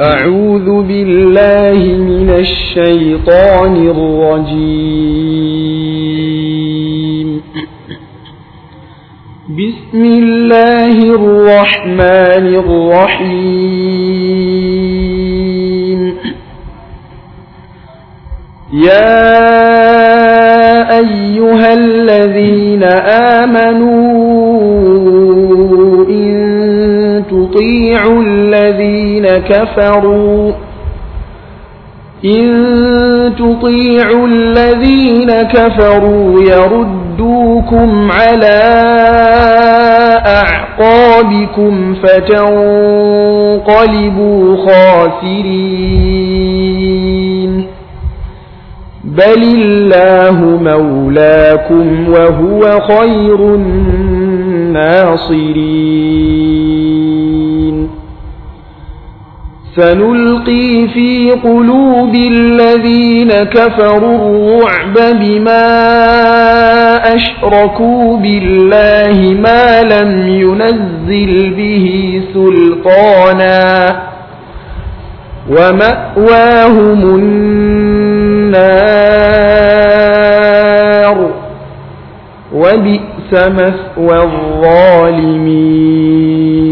أعوذ بالله من الشيطان الرجيم بسم الله الرحمن الرحيم يا أيها الذين آمنوا إن تطيعوا الذين كفروا إن تطيعوا الذين كفروا يردوكم على أعقابكم فتنقلبوا خاسرين بل الله مولاكم وهو خير الناصرين سنلقي في قلوب الذين كفروا الرعب بما أشركوا بالله ما لم ينزل به سلطانا ومأواهم النار وبئس مثوى الظالمين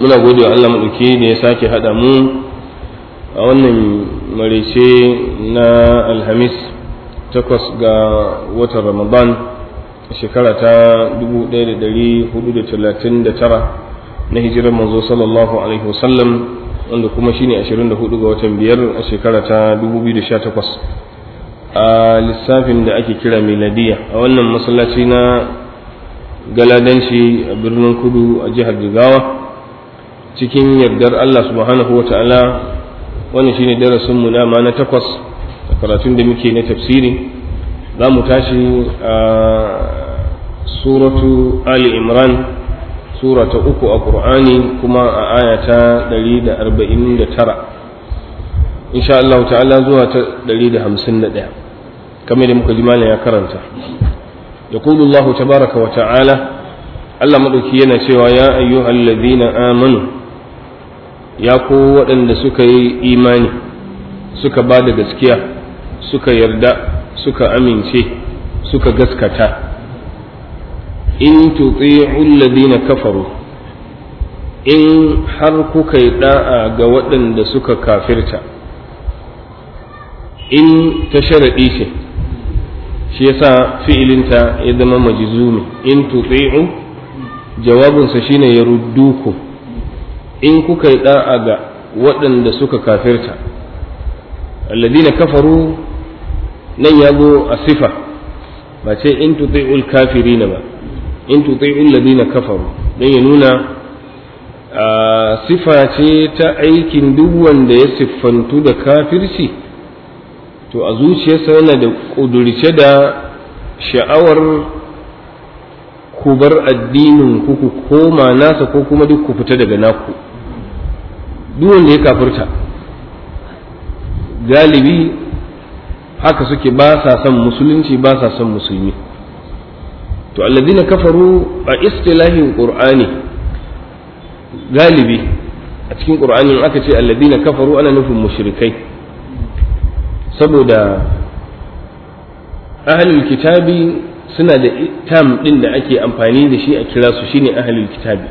muna gode wa Allah maɗauki da ya sake haɗa mu a wannan marece na alhamis takwas ga watan ramadan shekara ta 1439 na hijirar manzo sallallahu alaihi wasallam wanda kuma shine 24 ga watan biyar a shekara ta 2018 a lissafin da ake kira miladiya a wannan masallaci na galadanci a birnin kudu a jihar jigawa cikin yardar Allah subhanahu wa ta'ala wani shine darasin mu na na takwas karatun da muke na tafsiri za mu tashi a suratu ali imran sura ta uku a ƙur'ani kuma a aya ta 149 insha Allah ta'ala zuwa ta 151 kamar da muka ji malam ya karanta يقول tabaraka تبارك وتعالى الله مدوكي ينا سوى يا أيها الذين amanu. ya ko waɗanda suka yi imani suka ba da gaskiya suka yarda suka amince suka gaskata in tuti'u na kafaru in har kuka yi ɗa'a ga waɗanda suka kafirta in ta sharaɗi ce shi ya sa fi'ilinta ya zama majizumi in tutsi'u jawabinsa shine ya rudduku in kuka yi da'a ga waɗanda suka kafirta alladina kafaru nan ya zo a sifa ba ce in kafiri na ba in tuti'ul ladina kafaru dan ya nuna a sifa ce ta aikin duk wanda ya siffantu da kafirci to a zuciyarsa yana da ƙudurce da sha'awar ku bar addinin ku ku koma nasa ko kuma duk ku fita daga naku duk wanda ya kafirta galibi haka suke ba sa son musulunci ba sa son musulmi to alladina kafaru a istilahin qur'ani galibi a cikin qur'ani aka ce alladina kafaru ana nufin mushrikai saboda ahlul kitabi suna da tam din da ake amfani da shi a kira su shine ahlul kitabi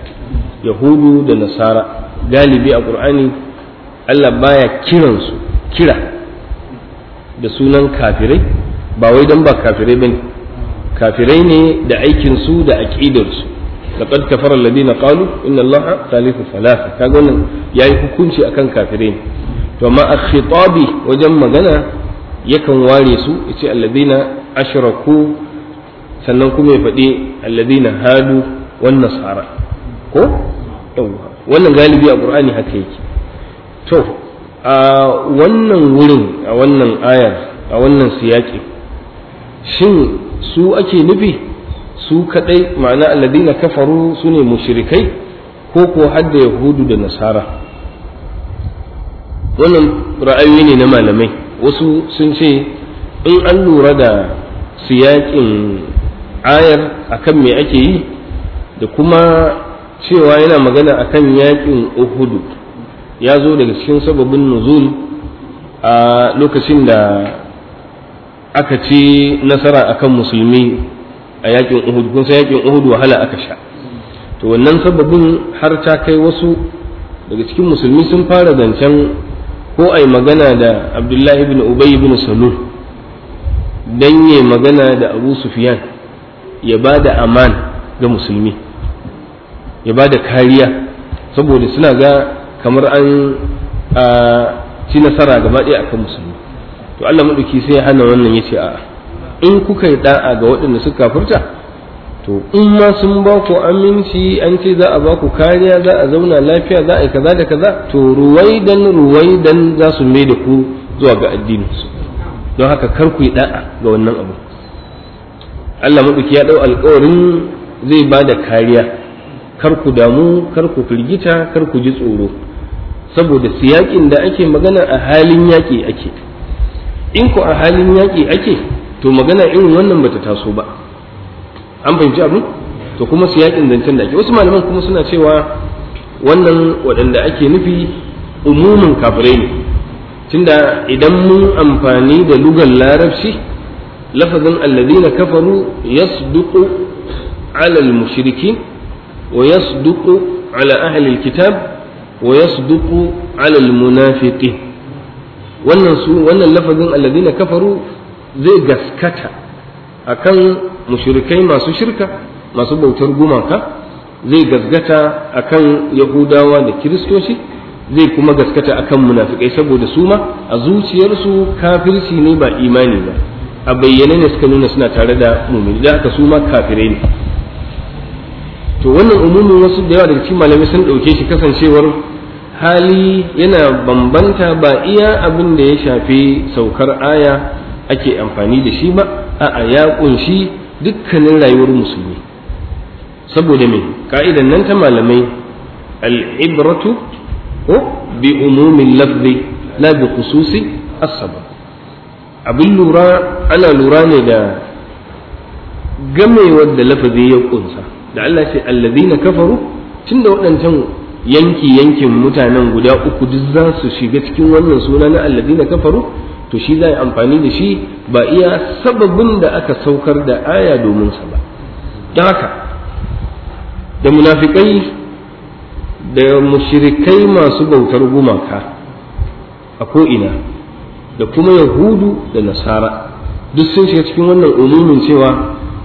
yahudu da nasara galibi a ƙur'ani Allah baya kiransu kira da sunan kafirai ba wai don ba kafirai bane kafirai ne da aikinsu da aƙidarsu laqad kafara alladhina qalu inna allaha thalithu thalatha kaga wannan yayi hukunci akan kafirai to amma akhitabi wajen magana yakan ware su yace alladhina ashraku sannan kuma ya faɗi alladhina hadu wan nasara ko yawa wannan galibi a qur'ani haka yake to a wannan wurin a wannan ayar a wannan siyaki shin su ake nufi su kaɗai ma'ana alladina kafaru su ne mushrikai ko ko hadda yahudu da nasara wannan ra'ayoyi ne na malamai wasu sun ce in an lura da siyakin ayar akan me ake yi da kuma cewa yana magana a kan yaƙin uhudu ya zo daga cikin sababin nuzul a lokacin da aka ci nasara a kan musulmi a yaƙin uhudu kun san yaƙin uhudu wahala aka sha to wannan sababin har ta kai wasu daga cikin musulmi sun fara zancen ko a magana da abdullahi ibn ubay ibn salul dan magana da abu sufyan ya ba da aman ga musulmi ya ba da kariya saboda suna ga kamar an ci nasara gaba ɗaya akan musulmi to Allah maɗauki sai ya hana wannan ya ce a'a in kuka yi ɗa'a ga waɗanda suka kafirta to in ma sun ba ku aminci an ce za a ba ku kariya za a zauna lafiya za a yi kaza da kaza to ruwaidan ruwaidan za su mai da ku zuwa ga addininsu don haka kar ku yi da'a ga wannan abu Allah maɗauki ya ɗau alƙawarin zai ba da kariya kar ku damu kar ku firgita kar ku ji tsoro saboda siyakin da ake magana a halin yaƙi ake in ku a halin yaƙi ake to magana irin wannan bata taso ba an fahimci abu to kuma siyakin zancen da ake wasu malaman kuma suna cewa wannan waɗanda ake nufi umumin kafirai ne tunda idan mun amfani da lugar larabci lafazin alladhina kafaru yasduqu alal mushrikin ويصدق على أهل الكتاب ويصدق على المنافقين wannan su wannan lafazin alladina kafaru zai gaskata akan mushrikai masu shirka masu bautar gumaka zai gaskata akan yahudawa da kiristoci zai kuma gaskata akan munafikai saboda su ma a zuciyarsu kafirci ne ba imani ba a bayyane ne suka nuna suna tare da mumini da haka su ma kafirai ne to wannan umumin wasu da yawa daga cikin malamai sun ɗauke shi kasancewar hali yana bambanta ba iya abin da ya shafi saukar aya ake amfani da shi ba a ya ƙunshi dukkanin rayuwar musulmi saboda me ka'idan nan ta malamai al'ibratu ko bi umumin lafzi la bi khususi asaba abin lura ana lura ne da gamewar da lafazi ya ƙunsa da Allah ce allazina kafaru tunda waɗancan yanki yankin mutanen guda uku duk za su shiga cikin wannan suna na allazina kafaru to shi za yi amfani da shi ba iya sababin da aka saukar da aya domin sa ba don haka da munafikai da mushrikai masu bautar gumaka a ko'ina da kuma yahudu da nasara duk sun shiga cikin wannan umumin cewa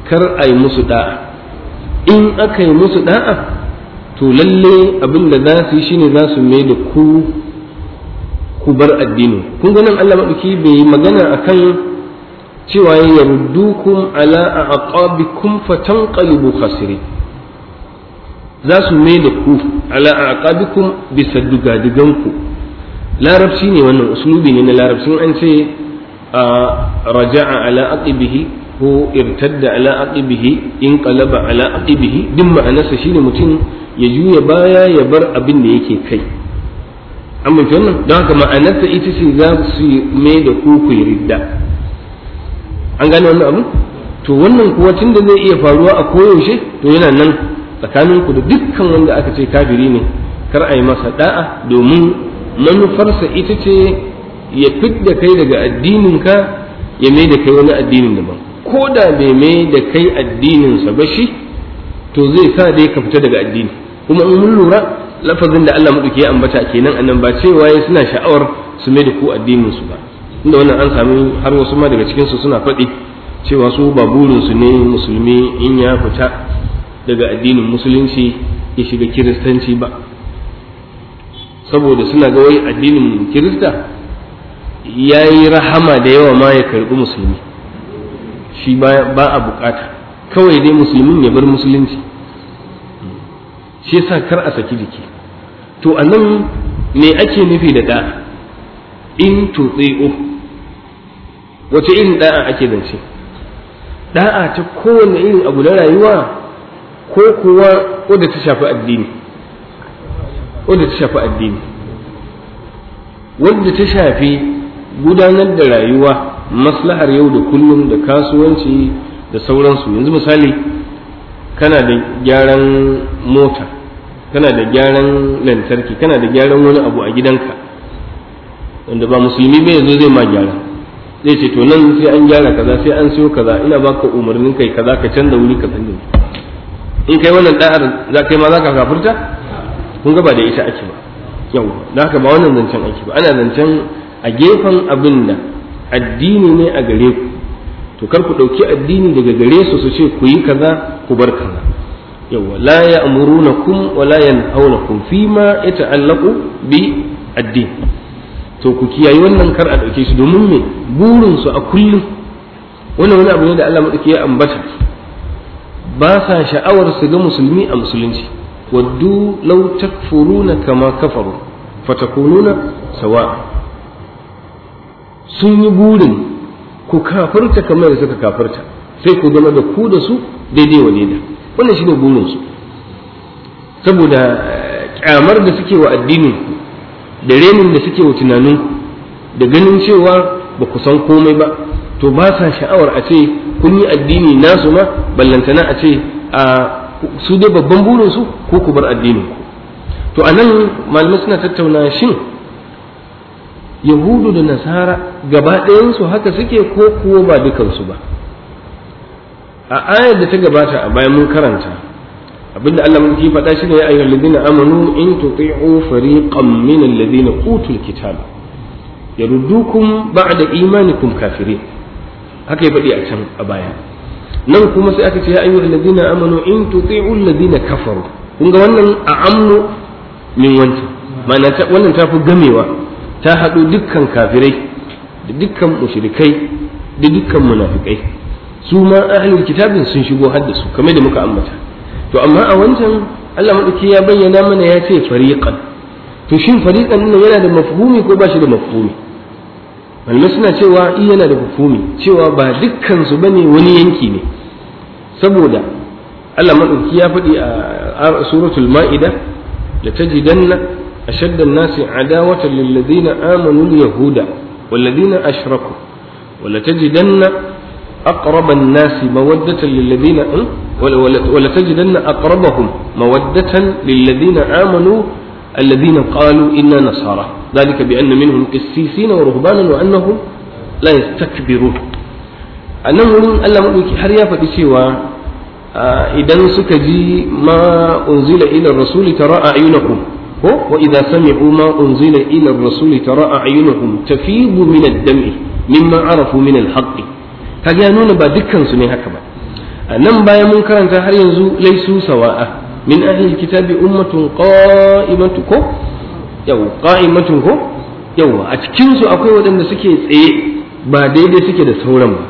kar a yi musu da'a in aka yi musu da'a to lalle abin da za su yi shine za su mai da ku ku bar addini kun ga nan Allah madauki bai yi magana akan cewa ya yardukum ala aqabikum fatanqalibu khasiri za su mai da ku ala aqabikum bisa ku larabci ne wannan uslubi ne na larabci an ce raja'a ala aqibihi ko irtadda ala aqibihi in qalaba ala aqibihi din ma'anarsa shine mutum ya juya baya ya bar abin da yake kai amma mutu wannan don haka ma'anarsa ita ce za su mai da kuku ridda an gane wannan abu to wannan kuwa tun da zai iya faruwa a koyaushe to yana nan tsakanin ku da dukkan wanda aka ce kafiri ne kar a yi masa da'a domin manufarsa ita ce ya fidda kai daga addininka ya mai da kai wani addinin daban ko da bai mai da kai addininsa ba shi to zai sa dai ka fita daga addini kuma in mun lura lafazin da Allah maɗauki ya ambata kenan annan ba cewa ya suna sha'awar su mai da ku addininsu ba inda wannan an sami har wasu ma daga cikinsu suna faɗi cewa su ba burinsu ne musulmi in ya fita daga addinin musulunci ya shiga kiristanci ba saboda suna ga wai addinin kirista ya yi rahama da yawa ma ya karɓi musulmi shi ba a bukata kawai dai musulmin ya bar musulunci shi sa kar a saki jiki to a nan me ake nufi da da in tutsi'u wace irin da'a ake zance da'a ta kowane irin abu na rayuwa ko kuwa wadda ta shafi addini wadda ta shafi addini wadda ta shafi gudanar da rayuwa maslahar yau da kullum da kasuwanci da sauransu yanzu misali kana da gyaran mota kana da gyaran lantarki kana da gyaran wani abu a gidanka wanda ba musulmi bai yanzu zai ma gyara zai ce to nan sai an gyara kaza sai an siyo kaza ina baka umarnin kai kaza ka canza wuri ka canza in kai wannan da'ar za kai ma za ka kafurta kun ga ba da ita ake ba yau da haka ba wannan zancen ake ba ana zancen a gefen abin da addini ne a gare ku to kar ku ɗauki addini daga gare su su ce ku yi kaza ku bar kaza yawa la ya'murunakum wa la yanhawnakum fima yata'allaqu bi addin to ku kiyaye wannan kar a ɗauke shi domin me burin su a kullum wannan wani abu ne da Allah madauki ya ambata ba sa sha'awar su ga musulmi a musulunci waddu law takfuruna kama kafaru fatakununa sawa'a sun yi burin ku kafirta kamar da suka kafarta sai ku zama da ku da su daidai wa daida wannan shi ne burinsu. saboda eh, kyamar da suke wa addinin ku da renin da suke wa tunanin da ganin cewa ba ku san komai ba to ba sa sha'awar a ce kun yi addini nasu ma ballantana a ce a su dai babban burin ko ku bar addinin ku to anan malamai suna tattauna shin yahudu da nasara gaba su haka suke ko kuwa ba dukansu ba a ayar da ta gabata a bayan mun karanta abinda Allah mun ki faɗa shi ne ya ayyuhal ladina amanu in tuti'u fariqan min alladhina utul kitab yaruddukum ba'da imanikum kafirin haka ya faɗi a can a baya nan kuma sai aka ce ya ayyuhal ladina amanu in tuti'u alladhina kafaru kun ga wannan a amnu min wancan ma'ana wannan ta fi gamewa ta haɗu dukkan kafirai da dukkan mushrikai da dukkan munafikai su ma ahlul kitabin sun shigo da su kamar da muka ambata to amma a wancan Allah madauki ya bayyana mana ya ce fariqan to shin fariqan nan yana da mafhumi ko ba shi da mafhumi malamai suna cewa in eh, yana da mafhumi cewa ba dukkan su bane wani yanki ne saboda Allah madauki ya faɗi a suratul ma'ida tajidanna أشد الناس عداوة للذين آمنوا اليهود والذين أشركوا ولتجدن أقرب الناس مودة للذين ولتجدن أقربهم مودة للذين آمنوا الذين قالوا إنا نصارى ذلك بأن منهم قسيسين ورهبانا وأنهم لا يستكبرون أنهم ألا مؤمنك حريا فتشيوا آه، إذا سكجي ما أنزل إلى الرسول ترى أعينكم ko wa idza sami'u ma unzila ila ar-rasuli tara a'yunuhum tafidu min ad-dam'i mimma arafu min al-haqq kaga ya nuna ba dukkan su ne haka ba nan bayan mun karanta har yanzu laisu sawa'a min ahli al-kitabi ummatun qa'imatun ko yau qa'imatun ko yau a cikin su akwai waɗanda suke tsaye ba daidai suke da sauran ba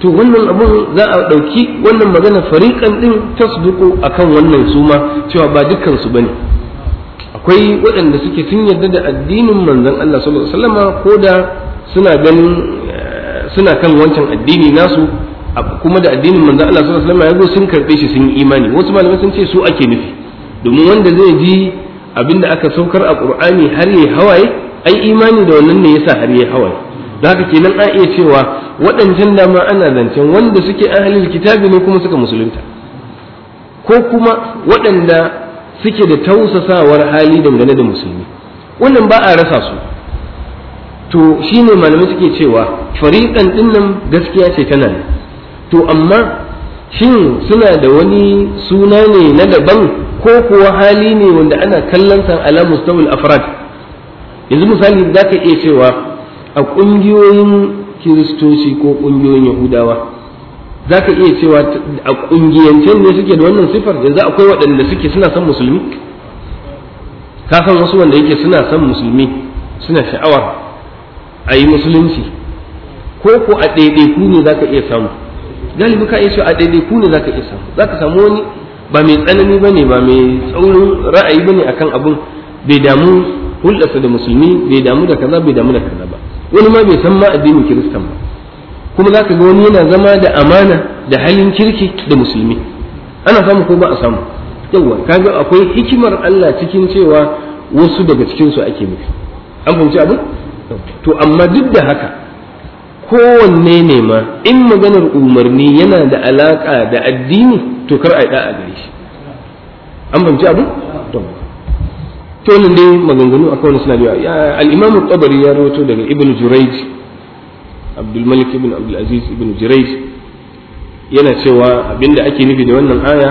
to wannan abun za a ɗauki wannan magana fariƙan ɗin tasduku akan wannan suma cewa ba dukkan su bane akwai waɗanda suke sun yarda da addinin manzon Allah sallallahu alaihi ko da suna ganin eh, suna kan wancan addini nasu kuma da addinin manzon Allah sallallahu alaihi wasallama yazo sun karbe shi sun yi imani wasu malamai sun ce su ake nufi domin wanda zai ji abinda aka saukar a Qur'ani har yayi hawaye ai imani da wannan ne yasa har yayi hawaye da haka kenan a iya cewa waɗancan dama ana zancen wanda suke ahlul kitabi ne kuma suka musulunta ko kuma waɗanda suke da tausasawar hali dangane da musulmi wannan ba a rasa su to shine malami suke cewa fariƙan ɗinnan gaskiya ce tana to amma shin suna da wani suna ne na daban ko kuwa hali ne wanda ana kallon san ala mustawil afrad yanzu misali zaka iya cewa a ƙungiyoyin kiristoci ko ƙungiyoyin yahudawa za ka iya cewa a ƙungiyancen ne suke da wannan sifar yanzu akwai waɗanda suke suna son musulmi ka san wasu wanda yake suna son musulmi suna sha'awar a yi musulunci ko ko a ɗaiɗaiku ne za ka iya samu galibi ka iya cewa a ɗaiɗaiku ne za ka iya samu za ka samu wani ba mai tsanani ba ne ba mai tsaurin ra'ayi ba ne a kan abin bai damu hulɗarsa da musulmi bai damu da kaza bai damu da kaza ba wani ma bai san ma addinin kiristan ba kuma za ka ga wani yana zama da amana da halin kirki da musulmi ana samu ko ba a samu yawwa kaga akwai hikimar Allah cikin cewa wasu daga cikin su ake mutu an fahimci abin to amma duk da haka kowanne ne ma in maganar umarni yana da alaka da addini to kar a yi da'a gare shi an fahimci abin to wannan dai maganganu akwai wani suna biyu al-imam tabari ya rawaito daga ibnu jurayj abdulmalik ibn abdulaziz ibn jirais yana cewa abinda ake nufi da wannan aya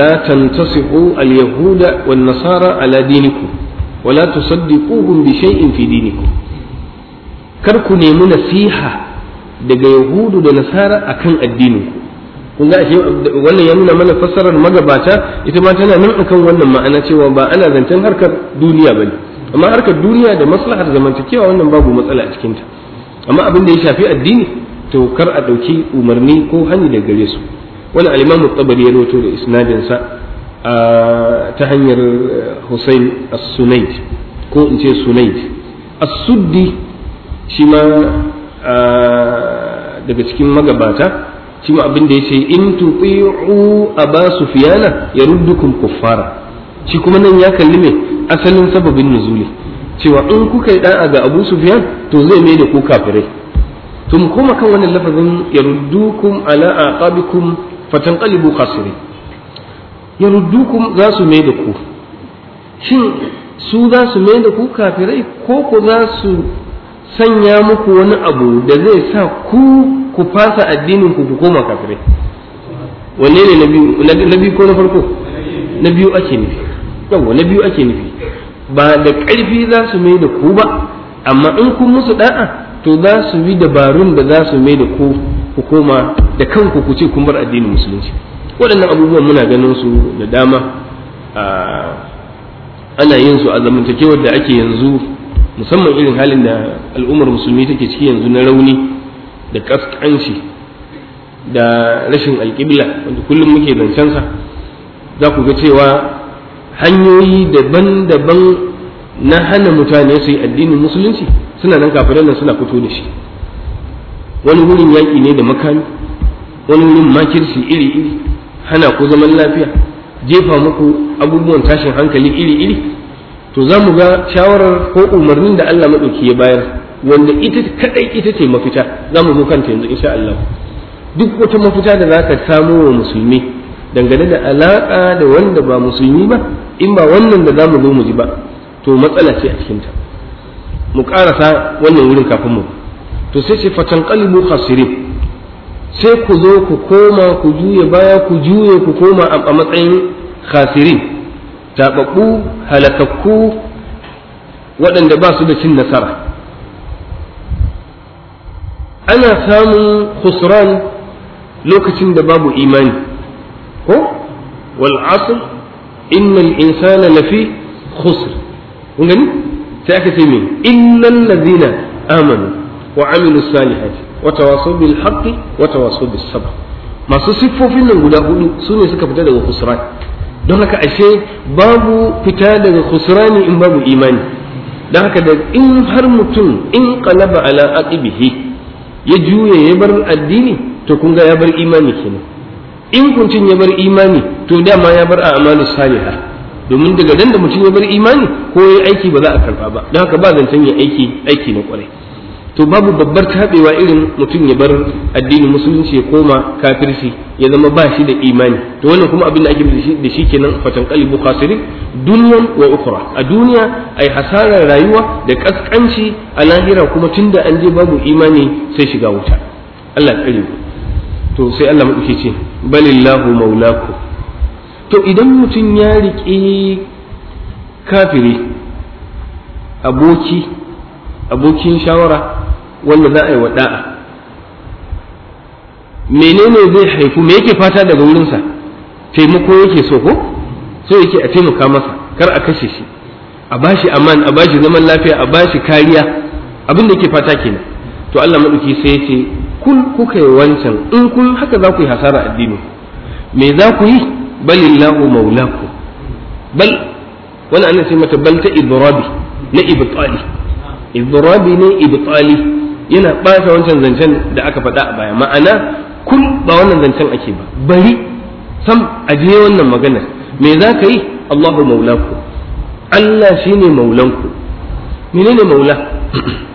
la tantasiqu al-yahuda wan nasara ala dinikum wa la tusaddiquhum bi shay'in fi dinikum kar ku nemi nasiha daga yahudu da nasara akan addininku kun ga shi wannan ya nuna mana fassarar magabata ita ma tana nan akan wannan ma'ana cewa ba ana zancen harkar duniya bane amma harkar duniya da maslahar zamantakewa wannan babu matsala a cikinta amma abin da ya shafi addini to kar a ɗauki umarni ko hani da gare su wani alimamu tabari ya roto da isnadinsa ta hanyar eh, hussein as ko in ce sunaid as-suddi shi ma daga cikin magabata shi ma abin da ya ce in tuti'u aba sufyana yaruddukum kuffara shi kuma nan ya kalli me asalin sababin nuzuli cewa in kuka yi da'a ga Abu sufiyan, to zai mai da ku kafirai to mu koma kan wannan lafazin yaruddukum ala aqabikum fatanqalibu khasirin yaruddukum za su mai da ku shin su za su mai da ku kafirai ko ku za su sanya muku wani abu da zai sa ku ku fasa addinin ku ku koma kafirai wanne ne na biyu ko na farko na biyu ake nufi yawwa na biyu ake nufi ba da ƙarfi za su mai da ku ba amma in kun musu da'a to za su bi dabarun da za su mai da ku ku koma da kanku ku ce kun bar addinin musulunci waɗannan abubuwan muna ganin su da dama ana yin su a zamantakewar da ake yanzu musamman irin halin da al'ummar musulmi take ciki yanzu na rauni da ƙasƙanci da rashin alƙibla wanda kullum muke zancensa za ku ga cewa hanyoyi daban-daban na hana mutane su yi addinin musulunci suna nan kafiran nan suna fito da shi wani wurin yaƙi ne da makami wani wurin makirci iri-iri hana ku zaman lafiya jefa muku abubuwan tashin hankali iri-iri to za mu ga shawarar ko umarnin da Allah maɗauki ya bayar wanda ita kaɗai ita ce mafita za mu zo kanta yanzu insha Allah duk wata mafita da za ka samo wa musulmi dangane da alaƙa da wanda ba musulmi ba in ba wannan da mu zo mu ji ba to matsala ce a cikinta mu karasa wannan wurin kafin mu to sai ce fatan qalbu khasirin sai ku zo ku koma ku juye baya ku juye ku koma a matsayin khasirin taɓaɓɓu halakakku waɗanda ba su da cin nasara ana samun khusran lokacin da babu imani ko wal asr innal insana lafi khusr kun gani sai aka ce min illal ladina amanu wa amilus salihati wa tawasaw bil haqqi wa tawasaw bis sabr masu siffofin nan guda hudu sune suka fita daga khusran don haka ashe babu fita daga khusrani in babu imani don haka da in har mutum in qalaba ala aqibihi ya juye ya bar addini to kun ga ya bar imani kenan in kuncin ya bar imani to da ma ya bar a'malu salihah domin daga dan da mutum ya bar imani ko yayi aiki ba za a karba ba don haka ba zancen ya aiki aiki na kwarai to babu babbar tabewa irin mutum ya bar addinin musulunci ya koma kafirci ya zama ba shi da imani to wannan kuma abin da ake da shi kenan fatan qalbu khasirin dunyan wa ukhra a duniya ai hasarar rayuwa da kaskanci a lahira kuma tunda an je babu imani sai shiga wuta Allah ya to sai Allah mu ce balillahu maulakum to idan mutum ya riƙe kafiri aboki abokin shawara wanda za a yi wada'a menene zai haifu me yake fata daga wurinsa taimako yake so ko so yake a taimaka masa kar a kashe shi a bashi aman a bashi zaman lafiya a bashi kariya abin da yake fata kenan to Allah maɗauki sai ya ce kun kuka yi wancan in kun haka za ku yi hasara addini me za ku yi bal illahu maulaku bal wani ana sai mata bal ta idrabi na ibtali idrabi ne ibtali yana ɓata wancan zancen da aka faɗa a baya ma'ana kun ba wannan zancen ake ba bari sam ajiye wannan maganar me za ka yi Allahu maulaku Allah shine maulanku menene maula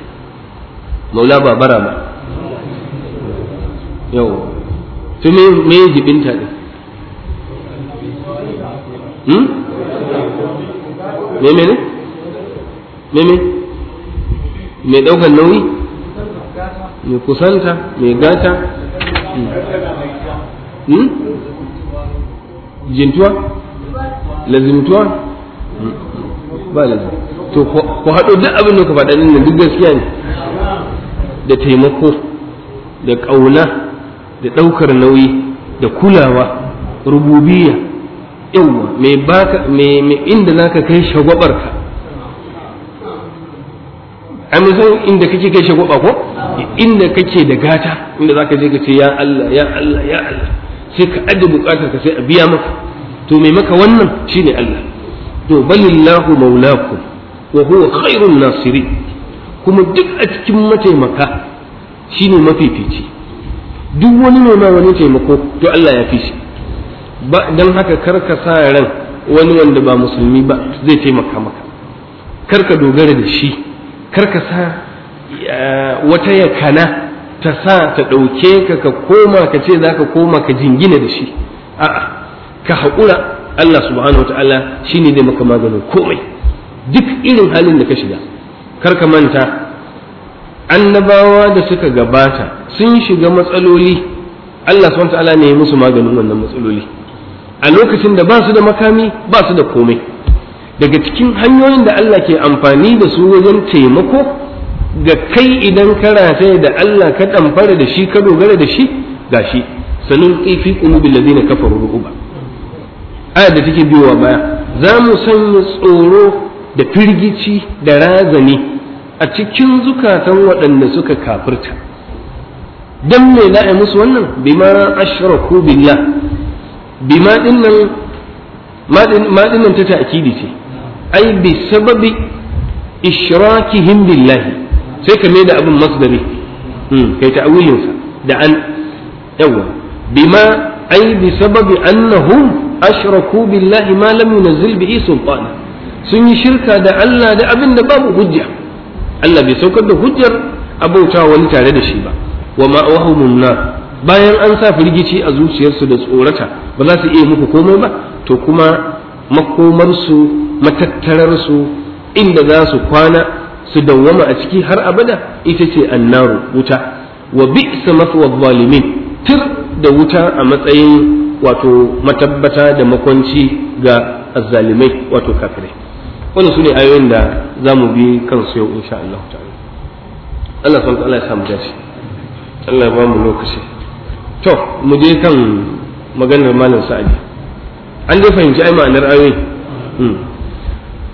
maula ba yau to me Mai hmm? me ne nauyi mai kusanta mai gata hmm? hmm? jintuwa lazimtuwa ba lazim to ku haɗo duk abin da ka faɗa nan duk gaskiya ne da taimako da ƙauna da ɗaukar nauyi da kulawa rububiya yawwa me baka me me inda naka kai shagwabar ka ai mun san inda kake kai shagwaba ko inda kake da gata inda zaka je ka ce ya Allah ya Allah ya Allah sai ka aje bukatar ka sai a biya maka to me maka wannan shine Allah to balillahu maulakum wa huwa khairun nasiri kuma duk a cikin mataimaka shine mafifici duk wani ne ma wani taimako to Allah ya fi shi don haka karka sa ran wani wanda ba musulmi ba zai taimaka maka karka dogara da shi kar sa eh, wata yakana ta sa ta ɗauke ka ka koma ka ce za ka koma ka jingina da shi a'a ka haƙura Allah subhanahu wa ta'ala shi ne zai maka maganin komai duk irin halin da ka shiga kar ka manta annabawa da suka gabata sun shiga matsaloli Allah subhanahu wa ta'ala ne ya musu maganin wannan matsaloli a lokacin da ba su da makami ba su da komai daga cikin hanyoyin da Allah ke amfani da su wajen taimako ga kai idan ka rataye da Allah ka ɗamfara da shi ka dogara da shi gashi sanin ifi bil ladina kafaru ruba ayar da take biyowa baya za mu sanya tsoro da firgici da razani a cikin zukatan waɗanda suka kafirta dan me la'a musu wannan bima ashraku billah bima din ta ta'kidi ce ai bi sababi ishrakihim billahi sai ka da abin masdari hmm, kai ta'awilin da an yawa bima ai bi sababi annahum ashraku billahi ma lam yunzil bihi sultana sun yi shirka da Allah da abin da babu hujja Allah bai saukar da hujjar abauta wani tare da shi ba wa ma'awahumun bayan an sa firgici a zuciyarsu da tsorata ba za su iya muku komai ba to kuma makomarsu matattararsu inda za su kwana su dawwama a ciki har abada ita ce annaru wuta wa bi su mathwa zalimin tir da wuta a matsayin wato matabbata da makwanci ga azzalimai wato kafirai wannan su ayoyin da za mu bi kansu yau insha Allah ta'ala Allah subhanahu ta'ala ya samu dace Allah ya ba mu lokaci to mu je kan maganar malam sa'adi an dai fahimci ai ma'anar ayoyin hmm.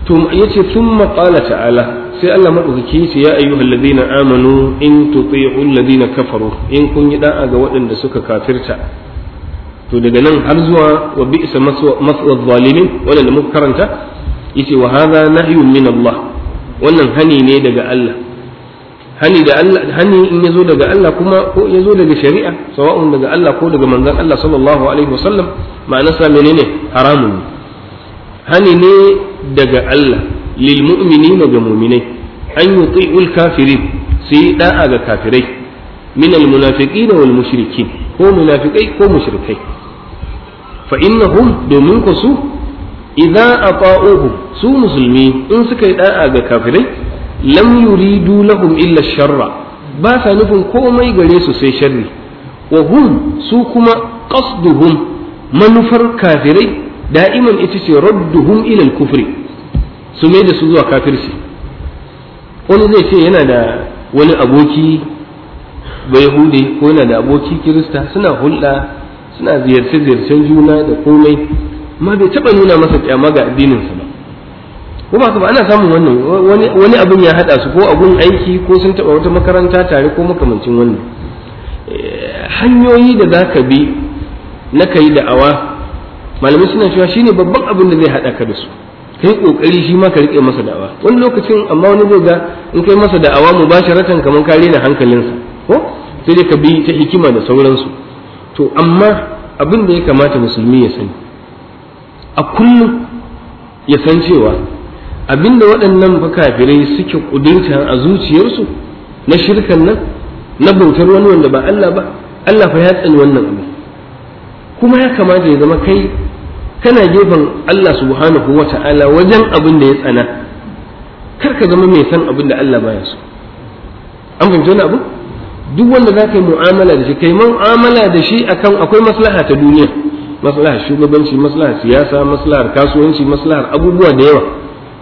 to yace sun qala ta'ala sai Allah madaukaki ce ya ayyuhal ladina amanu in tuti'u alladina kafaru in kun yi da'a ga waɗanda suka kafirta to daga nan har zuwa wa bi'sa maswa zalimin wannan da muka karanta yace wa hadha nahyun min Allah wannan hani ne daga Allah hani da Allah hani in ya zo daga Allah kuma ko ya zo daga shari'a sawa'un daga Allah ko daga manzon Allah sallallahu alaihi wasallam ma'anarsa menene haramun hani ne daga Allah lil mu'minina ga mu'minai an yuti'ul kafirin su yi da'a ga kafirai min al munafiqina wal mushrikin ko munafiqai ko mushrikai fa innahum domin ku su idza ata'uhu su musulmi in suka yi da'a ga kafirai lam yuridu lahum illa sharra ba sa nufin komai gare su sai sharri wa hum su kuma qasduhum manufar kafirai da'iman ita ce radduhum ila al-kufri su mai da su zuwa kafirci wani zai ce yana da wani aboki bayahudi ko yana da aboki kirista suna hulɗa suna ziyarce-ziyarcen juna da komai ma bai taɓa nuna masa kyama ga addininsa ba ko ba ba ana samun wannan wani abin ya haɗa su ko abun aiki ko sun taɓa wata makaranta tare ko makamancin wannan eh, hanyoyi da za ka bi na kai da awa malamai suna cewa ne babban abin da zai haɗa ka da su kai kokari shi ma ka rike masa da awa. wani lokacin amma wani zai ga in kai masa da awa mu bashi ratan kaman kare na hankalinsa ko sai dai ka bi ta hikima da sauransu to amma abin da ya kamata musulmi ya sani a kullum ya san cewa abinda waɗannan bakafirai suke ƙudurta a zuciyarsu na shirkan nan na bautar wani wanda ba Allah ba Allah fa ya tsani wannan abu kuma ya kamata ya zama kai kana gefen Allah subhanahu wa ta'ala wajen abin da ya tsana kar ka zama mai san abin da Allah baya so an fahimci wani abu duk wanda za ka yi mu'amala da shi kai mu'amala da shi akan akwai maslaha ta duniya maslahar shugabanci maslahar siyasa maslahar kasuwanci maslahar abubuwa da yawa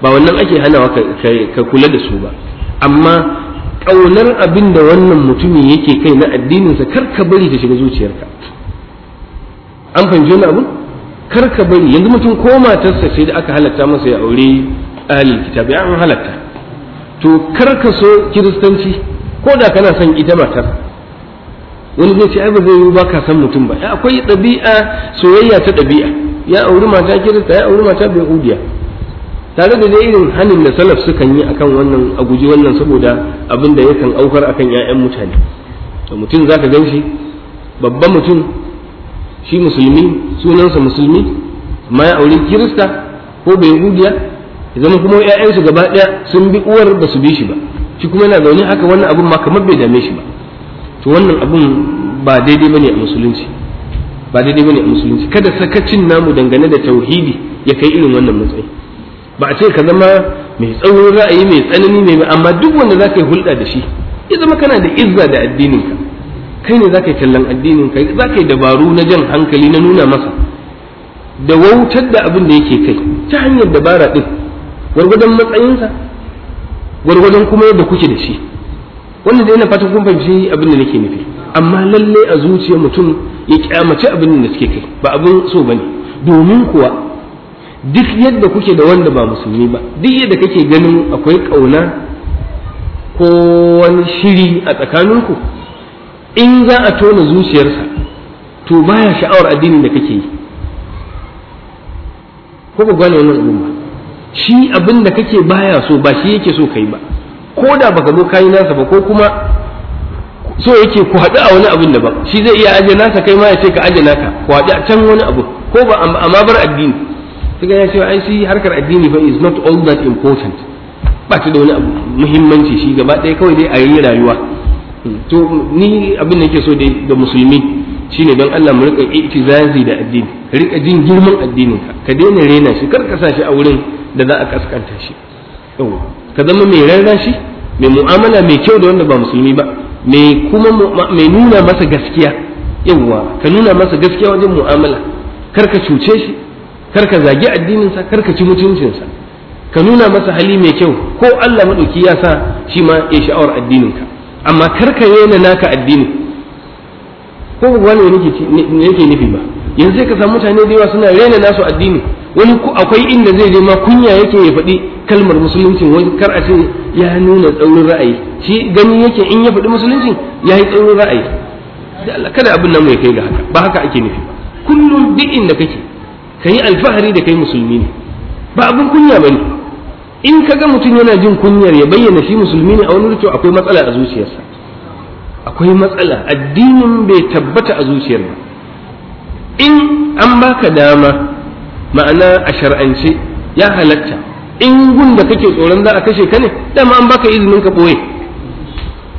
ba wannan ake hanawa ka kula da su ba amma ƙaunar abin da wannan mutumin yake kai na addininsa kar ka bari ta shiga zuciyarka an fahimci wani abu kar ka bari yanzu mutum ko matarsa sai da aka halatta masa ya aure ahli kitabi an halatta to kar ka so kiristanci ko da kana son ita matar wani zai ce ai ba zai yi ba ka san mutum ba akwai ɗabi'a soyayya ta ɗabi'a ya auri mata kirista ya auri mata bai udiya tare da dai irin hanin da salaf sukan yi akan wannan a guji wannan saboda abin da yakan aukar akan 'ya'yan mutane da mutum zaka gan shi babban mutum shi musulmi sunansa musulmi amma ya auri kirista ko bai gudiya ya zama kuma su gaba ɗaya sun bi uwar ba su bi shi ba shi kuma yana zaune haka wannan abun ma kamar bai dame shi ba to wannan abun ba daidai bane a musulunci ba daidai bane a musulunci kada sakacin namu dangane da tauhidi ya kai irin wannan matsayi ba a ce ka zama mai tsawon ra'ayi mai tsanani mai amma duk wanda za ka yi hulɗa da shi ya zama kana da izza da addininka kai ne za ka yi tallan addininka za ka yi dabaru na jan hankali na nuna masa da wautar da abin da yake kai ta hanyar dabara ɗin gwargwadon matsayinsa gwargwadon kuma yadda kuke da shi wannan da yana fatan kun fahimci abin da nake nufi amma lallai a zuciyar mutum ya kyamace abin da suke kai ba abin so ne. domin kuwa duk yadda kuke da wanda ba musulmi ba duk yadda kake ganin akwai ƙauna ko wani shiri a tsakaninku in za a tona zuciyarsa to baya sha'awar addinin da kake yi ko ba gane wannan abin ba shi abin da kake baya so ba shi yake so kai ba ko da baka zo kayi nasa ba ko kuma so yake ku haɗu a wani abin da ba shi zai iya aje nasa kai ma ya ce ka aje naka ku haɗu a can wani abu ko ba amma bar addini sai ya ce ai shi harkar addini fa is not all that important ba ta da wani abu muhimmanci shi gaba ɗaya kawai dai a yi rayuwa hmm. to ni abin da yake so da musulmi shine don Allah mu rika itizazi da addini rika jin girman addinin ka ka daina rena shi kar ka sa shi a wurin da za a kaskanta shi ka zama mai rarra shi mai mu'amala mai kyau da wanda ba musulmi ba mai kuma mai nuna masa gaskiya yawwa ka nuna masa gaskiya wajen mu'amala kar ka cuce shi kar ka zagi addininsa kar ka ci mutuncinsa ka nuna masa hali mai kyau ko Allah maɗauki ya sa shi ma ya sha'awar addininka amma kar ka yana naka addini ko wani yake nufi ba yanzu sai ka samu mutane da yawa suna rena nasu addini wani akwai inda zai je ma kunya yake ya faɗi kalmar musulunci wani kar a ce ya nuna tsaurin ra'ayi shi gani yake in ya faɗi musulunci ya yi tsaurin ra'ayi kada abin nan mai kai ga haka ba haka ake nufi ba kullum duk inda kake ka yi alfahari da kai musulmi ne ba abin kunya ba ne in ka ga mutum yana jin kunyar ya bayyana shi musulmi ne a wani rikyo akwai matsala a zuciyarsa akwai matsala addinin bai tabbata a zuciyar ba in an baka dama ma'ana a shar'ance ya halatta in gun da kake tsoron za a kashe ka ne dama an baka izinin ka ɓoye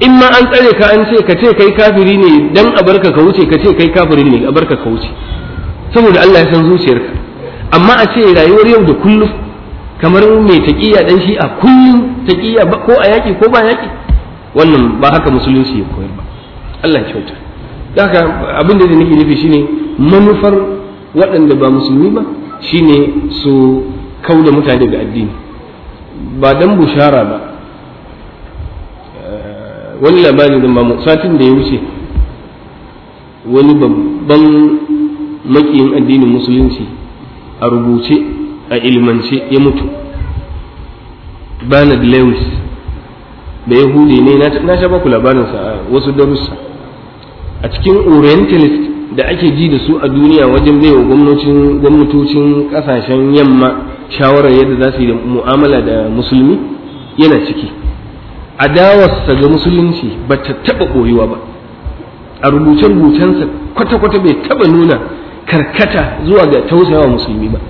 in ma an tsare ka an ce ka ce kai kafiri ne dan a barka ka wuce ka ce kai kafiri ne a barka ka wuce saboda Allah ya san zuciyarka amma a ce rayuwar yau da kullum kamar mai taƙiyya dan shi a kullum taƙiyya ko a yaƙi ko ba yaƙi wannan ba haka musulunci ya koyar ba Allah ya kyauta haka abin da nake nufi shine manufar waɗanda ba musulmi ba shine su kauda mutane da addini ba dan bushara ba wani labari da ba satin da ya wuce wani babban makiyin addinin musulunci a rubuce a ilmance ya mutu Bernard Lewis da Yahudi ne na sha baku labarinsa a wasu darussa a cikin Orientalist da ake ji da su a duniya wajen baiwa gwamnatocin gwamnatocin kasashen yamma shawarar yadda za su yi mu'amala da musulmi yana ciki adawarsa ga musulunci ba ta taɓa koyuwa ba a rubuce-rubucensa kwata-kwata bai taɓa nuna karkata zuwa ga tausayawa musulmi ba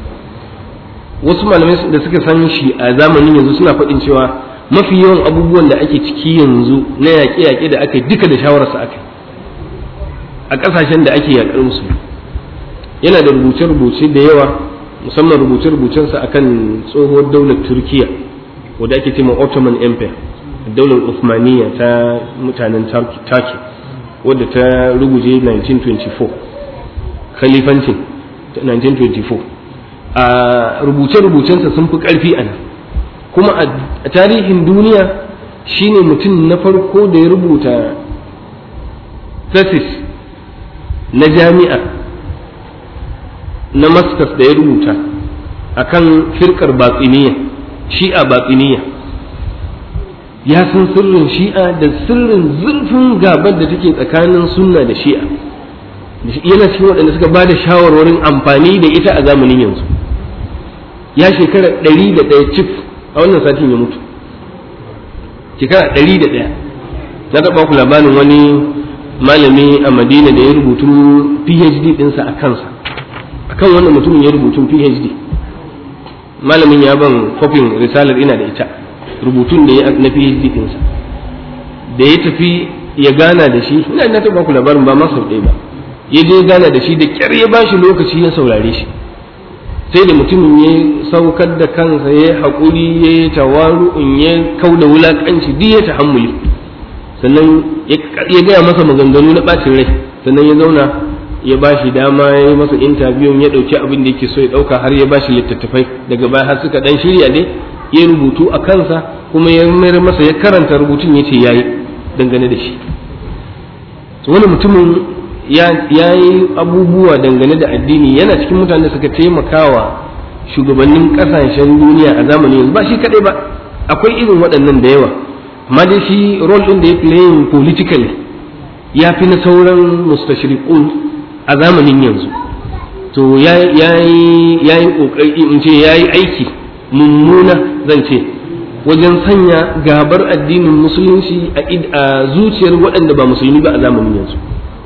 wasu malamai da suka san shi a zamanin yanzu suna faɗin cewa mafi yawan abubuwan da ake ciki yanzu na yaƙe-yaƙe da aka duka da shawararsa aka a ƙasashen da ake yaƙar musulmi yana da rubuce-rubuce da yawa musamman rubuce-rubucensa kan tsohuwar daular turkiya wadda ake cewa ottoman empire daular Uthmaniyya ta mutanen turkey wadda ta ruguje 1924 khalifancin 1924 a rubuce-rubucensa sun fi ƙarfi a nan kuma a tarihin duniya shine mutum na farko da ya rubuta thesis na jami'a na masters da ya rubuta a kan firkar batsiniya shi'a batsiniya ya san sirrin shi'a da sirrin zurfin gabar da take tsakanin sunna da shi'a yana cikin waɗanda suka ba da shawarwarin amfani da ita a zamanin yanzu ya shekara ɗari da ɗaya cif a wannan satin ya mutu shekara ɗari da ɗaya na taɓa ku labarin wani malami a madina da ya rubutu phd ɗinsa a kansa a kan wannan mutumin ya rubutu phd malamin ya ban kofin risalar ina da ita rubutun da ya na phd ɗinsa da ya tafi ya gana da shi ina ina taɓa ku labarin ba ma ɗaya ba ya je gana da shi da kyar ya bashi lokaci ya saurare shi sai da mutumin ya saukar da kansa ya haƙuri ya yi in ya kau da wulaƙanci duk ya tahammuli sannan ya gaya masa maganganu na ɓacin rai sannan ya zauna ya bashi dama ya yi masa intabiyon ya ɗauki abin da yake so ya ɗauka har ya bashi littattafai daga baya har suka ɗan shirya dai ya rubutu a kansa kuma ya mayar masa ya karanta rubutun ya ce ya yi dangane da shi wani mutumin ya yi abubuwa dangane da addini yana cikin mutane da suka taimakawa shugabannin kasashen duniya a zamani yanzu ba shi kadai ba akwai irin waɗannan da yawa ma dai shi role din da ya playing politically ya fi na sauran mustashriqun a zamanin yanzu to ya yi kokari in ce ya yi aiki mummuna zan ce wajen sanya gabar addinin musulunci a zuciyar waɗanda ba musulmi ba a zamanin yanzu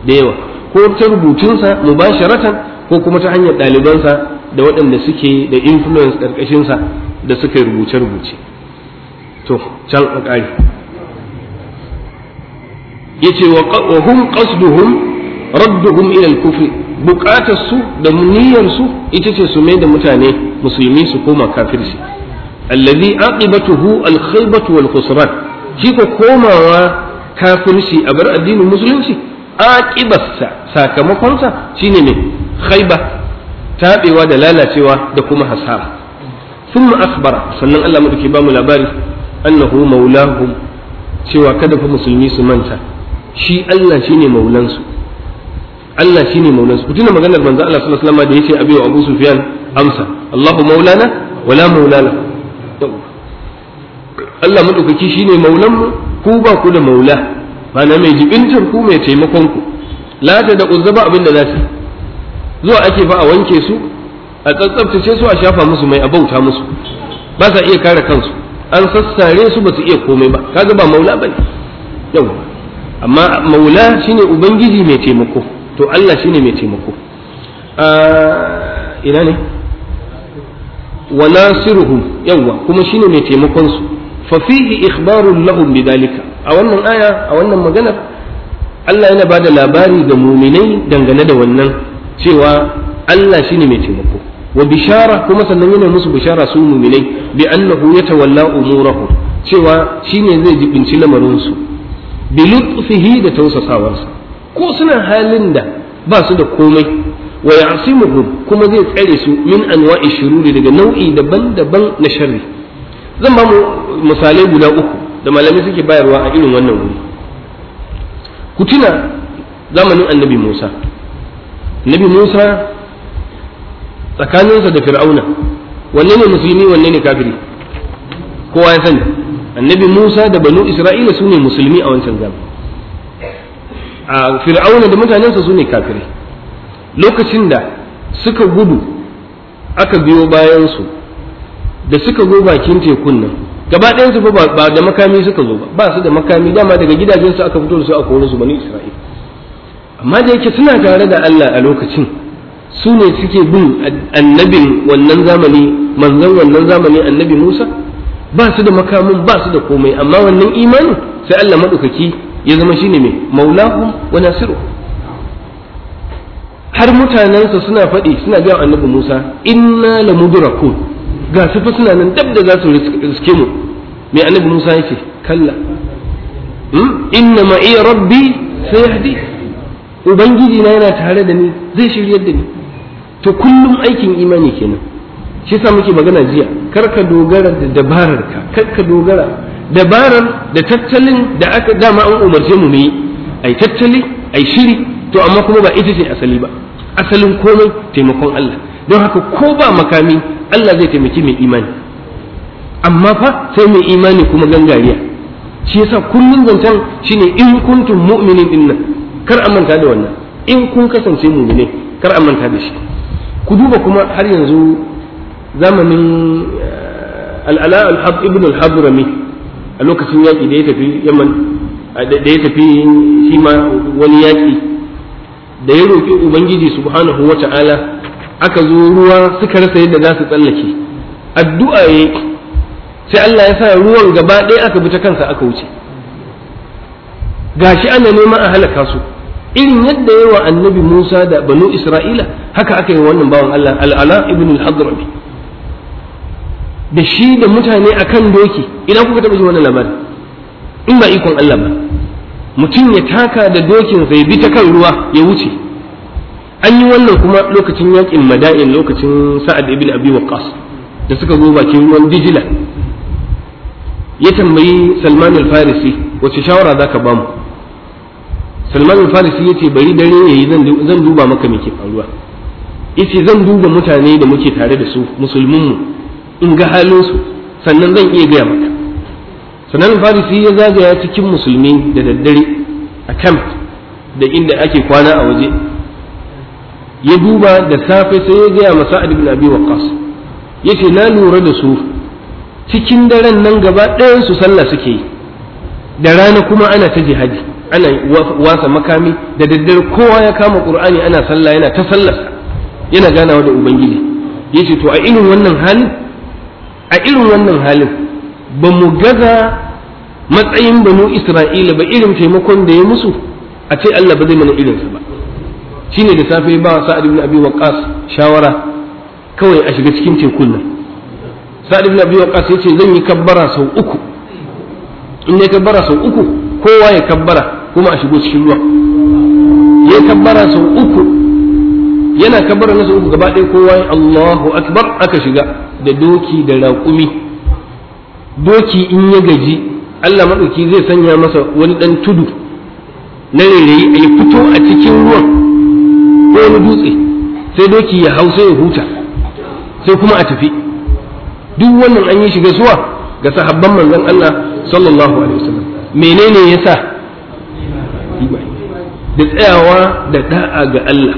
da yawa ko ta rubutunsa mubasharatan ko kuma ta hanyar ɗalibansa da waɗanda suke da influence ƙarƙashinsa da suka yi rubuce-rubuce to can a ƙari ya ce wa hum qasduhum radduhum ilal kufri buƙatar su da niyyar su ita ce su mai da mutane musulmi su koma kafirci allazi aqibatuhu al-khaybatu wal khusran shi ko komawa kafirci a bar addinin musulunci aqibarsa sakamakonsa shine mai khaiba taɓewa, da lalacewa da kuma hasara sun asbara sannan Allah madauki ba mu labari annahu maulahum cewa kada fa musulmi su manta shi Allah shine maulansu Allah shine maulansu ku tuna maganar manzo Allah sallallahu alaihi wasallam da yace abiyu Abu Sufyan amsa Allahu maulana wala maulana Allah madaukaki shine maulan mu ku ba ku da maula ba na mai jibintar ku mai taimakon ku lata da uzza ba abin da za zuwa ake fa a wanke su a tsantsabtace su a shafa musu mai a bauta musu ba sa iya kare kansu an sassare su ba su iya komai ba kaga ba maula bane yau amma maula shine ubangiji mai taimako to Allah shine mai taimako ina ne wa nasiruhum yawa kuma shine mai taimakon su fa fihi ikhbarun lahum bidalika a wannan aya a wannan maganar Allah yana bada labari ga muminai dangane da wannan cewa Allah shine mai taimako wa bishara kuma sannan yana musu bishara su muminai bi annahu yatawalla umurahu cewa shine zai jibinci lamarin su bi lutfihi da tausasawarsa ko suna halin da ba su da komai wa ya'simuhum kuma zai tsare su min anwa'i shururi daga nau'i daban-daban na sharri zan ba mu misalai guda uku da malamai suke bayarwa a irin wannan wuri ku tuna zamanin annabi Musa annabi Musa tsakaninsa da fir'auna wanne ne musulmi wanne ne kafiri kowa ya sani annabi Musa da banu Isra'ila su ne musulmi a wancan zamani a fir'auna da mutanensa su ne kafiri lokacin da suka gudu aka biyo bayansu da suka go bakin tekun nan gaba ɗayan su ba da makami suka zo ba ba su da makami dama daga gidajensu aka fito da su a kore su bani isra'ila amma da yake suna tare da Allah a lokacin su ne suke bin annabin wannan zamani manzon wannan zamani annabi Musa ba su da makamin ba su da komai amma wannan imanin sai Allah maɗaukaki ya zama shine mai maulahum wa nasiru har mutanensa suna faɗi suna gaya annabi Musa inna lamudrakun ga su fa suna nan dab da za su riske mu mai annabi Musa yake kalla hmm? inna ma iya rabbi sai ya hadi ubangiji na yana tare da ni zai shiryar da ni to kullum aikin imani kenan shi sa muke magana jiya kar ka dogara da dabarar ka kar ka dogara dabarar da tattalin da aka dama an umarce mu yi ai tattali ai shiri to amma kuma ba ita ce asali ba asalin komai taimakon Allah don haka ko ba makami Allah zai taimaki mai imani amma fa sai mai imani kuma gangariya shi yasa kullun zancen shine in kuntum mu'minin din nan kar a manta da wannan in kun kasance mu'mine kar a manta da shi ku duba kuma har yanzu zamanin eh, al'ala al-hab ibn al-hadrami a lokacin yaƙi da ya tafi yaman da ya tafi shi ma wani yaƙi da ya roki ubangiji subhanahu wata'ala aka zo ruwa suka rasa yadda za su tsallake addu'a ya sai Allah ya sa ruwan gaba ɗaya aka bi ta kansa aka wuce gashi ana neman a halaka su irin yadda yawa annabi Musa da banu Isra'ila haka aka yi wannan bawan Allah al'ala ibn al-hadrami da shi da mutane akan doki idan kuka taɓa ji wannan labari in ba ikon Allah ba mutum ya taka da dokin sai bi ta kan ruwa ya wuce an yi wannan kuma lokacin yakin mada'in lokacin sa'ad ibn abi waqqas da suka zo bakin ruwan dijila ya tambayi salman al-farisi wace shawara zaka ba mu salman al-farisi yace bari dare yayi zan zan duba maka me ke faruwa yace zan duba mutane da muke tare da su musulmin mu in ga halin su sannan zan iya gaya maka sannan farisi ya zagaya cikin musulmi da daddare a camp da inda ake kwana a waje ya duba da safe sai ya gaya masa Sa'ad ibn Abi Waqqas yace na lura da su cikin daren nan gaba ɗayan su sallah suke yi da rana kuma ana ta jihadi ana wasa makami da daddare kowa ya kama Qur'ani ana sallah yana ta sallar yana ganawa da ubangiji yace to a irin wannan halin a irin wannan halin ba mu gaza matsayin banu Isra'ila ba irin taimakon da ya musu a ce Allah ba zai mana irinsa ba shine da safe ba sa'ad ibn abi waqas shawara kawai a shiga cikin tekun nan sa'ad ibn abi waqas yace zan yi kabbara sau uku in ne kabbara sau uku kowa ya kabbara kuma a shigo cikin ruwa ya kabbara sau uku yana kabbara na sau uku gaba ɗaya kowa ya Allahu akbar aka shiga da doki da raƙumi doki in ya gaji Allah maɗauki zai sanya masa wani ɗan tudu na rere a yi fito a cikin ruwan ko wani dutse sai doki ya hau sai ya huta sai kuma a tafi duk wannan an yi shiga zuwa ga sahabban manzon Allah sallallahu alaihi wasallam menene yasa da tsayawa da da'a ga Allah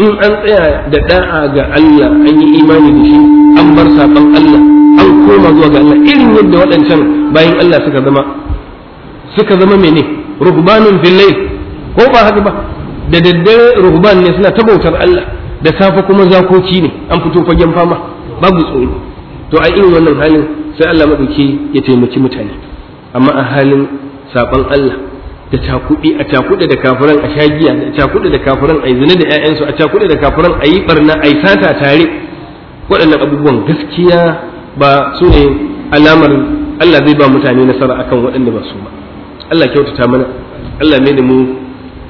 in an tsaya da da'a ga Allah an yi imani da shi an bar saban Allah an koma zuwa ga Allah irin yadda waɗancan bayan Allah suka zama suka zama mene rubbanun fil ko ba haka ba da daddare ruhban ne suna tabautar Allah da safe kuma zakoki ne an fito fagen fama babu tsoro to a irin wannan halin sai Allah madauki ya taimaki mutane amma a halin saban Allah da takudi a cakuɗe da kafiran a shagiya da cakuɗe da kafiran a yi zina da 'ya'yansu a cakuɗe da kafiran a yi barna a yi sata tare waɗannan abubuwan gaskiya ba su ne alamar Allah zai ba mutane nasara akan waɗanda ba su ba Allah kyautata mana Allah mai da mu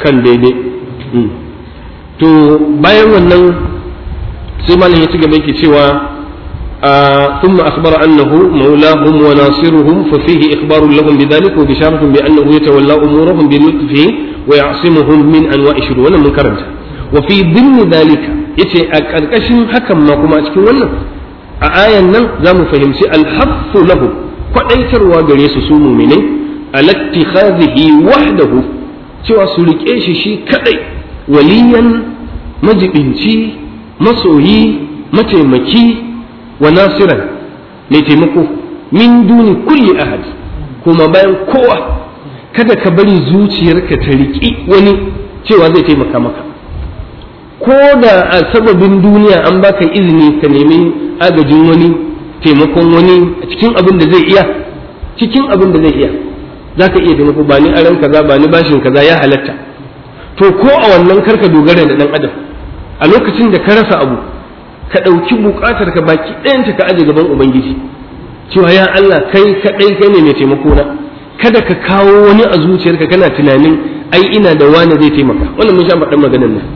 kan daidai Mm. to bayan wannan sai malam ya ci yake cewa a thumma akhbara annahu mawlahum wa nasiruhum fa fihi ikhbaru lahum bidhalika wa bisharatun bi annahu yatawalla umurahum bi lutfi wa ya'simuhum min anwa'i shuru wannan mun karanta wa fi dhimmi yace a karkashin hakan ma kuma a cikin wannan a ayan nan za mu fahimci alhaffu lahum kwaɗaitarwa gare su su mu'minai alattikhadhihi wahdahu cewa su riƙe shi shi kadai waliyan majibinci masoyi mataimaki wa nasiran mai taimako min duni kulli ahad kuma bayan kowa kada ka bari zuciyarka ta riƙi wani cewa zai taimaka maka ko da a sababin duniya an baka izini ka nemi agajin wani taimakon wani a cikin abin da zai iya cikin abin da zai iya za ka iya taimako ba ni aron kaza ba ni bashin kaza ya halatta to ko a wannan karka dogara da dan adam a lokacin da ka rasa abu ka ɗauki bukatar ka baki ɗayanta ka aje gaban ubangiji cewa ya Allah kai kaɗai kai ne mai taimako na kada ka kawo wani a zuciyarka kana tunanin ai ina da wani zai taimaka wannan mun sha faɗin maganar nan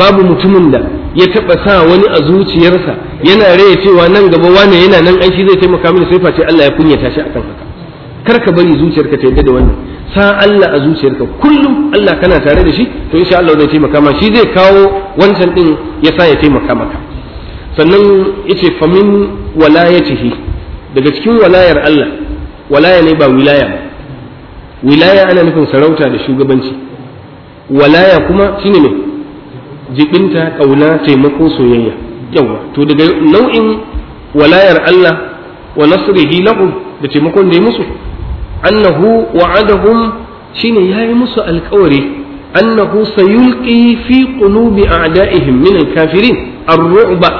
babu mutumin da ya taɓa sa wani a zuciyarsa yana raya cewa nan gaba wani yana nan an shi zai taimaka mini sai face Allah ya kunyata shi akan haka kar ka bari zuciyarka ta yadda da wannan sa Allah a zuciyarka kullum Allah kana tare da shi to insha Allah zai taimaka ma shi zai kawo wancan din ya sa ya taimaka maka sannan yace famin walayatihi daga cikin walayar Allah walaya ne ba wilaya ba wilaya ana nufin sarauta da shugabanci walaya kuma shine ne jibinta kauna taimako soyayya yawa to daga nau'in walayar Allah wa nasrihi lahum da taimakon da ya musu annahu wa'adahum shine yayi musu alƙawari annahu sayulqi fi qulubi a'da'ihim min al-kafirin ar-ru'ba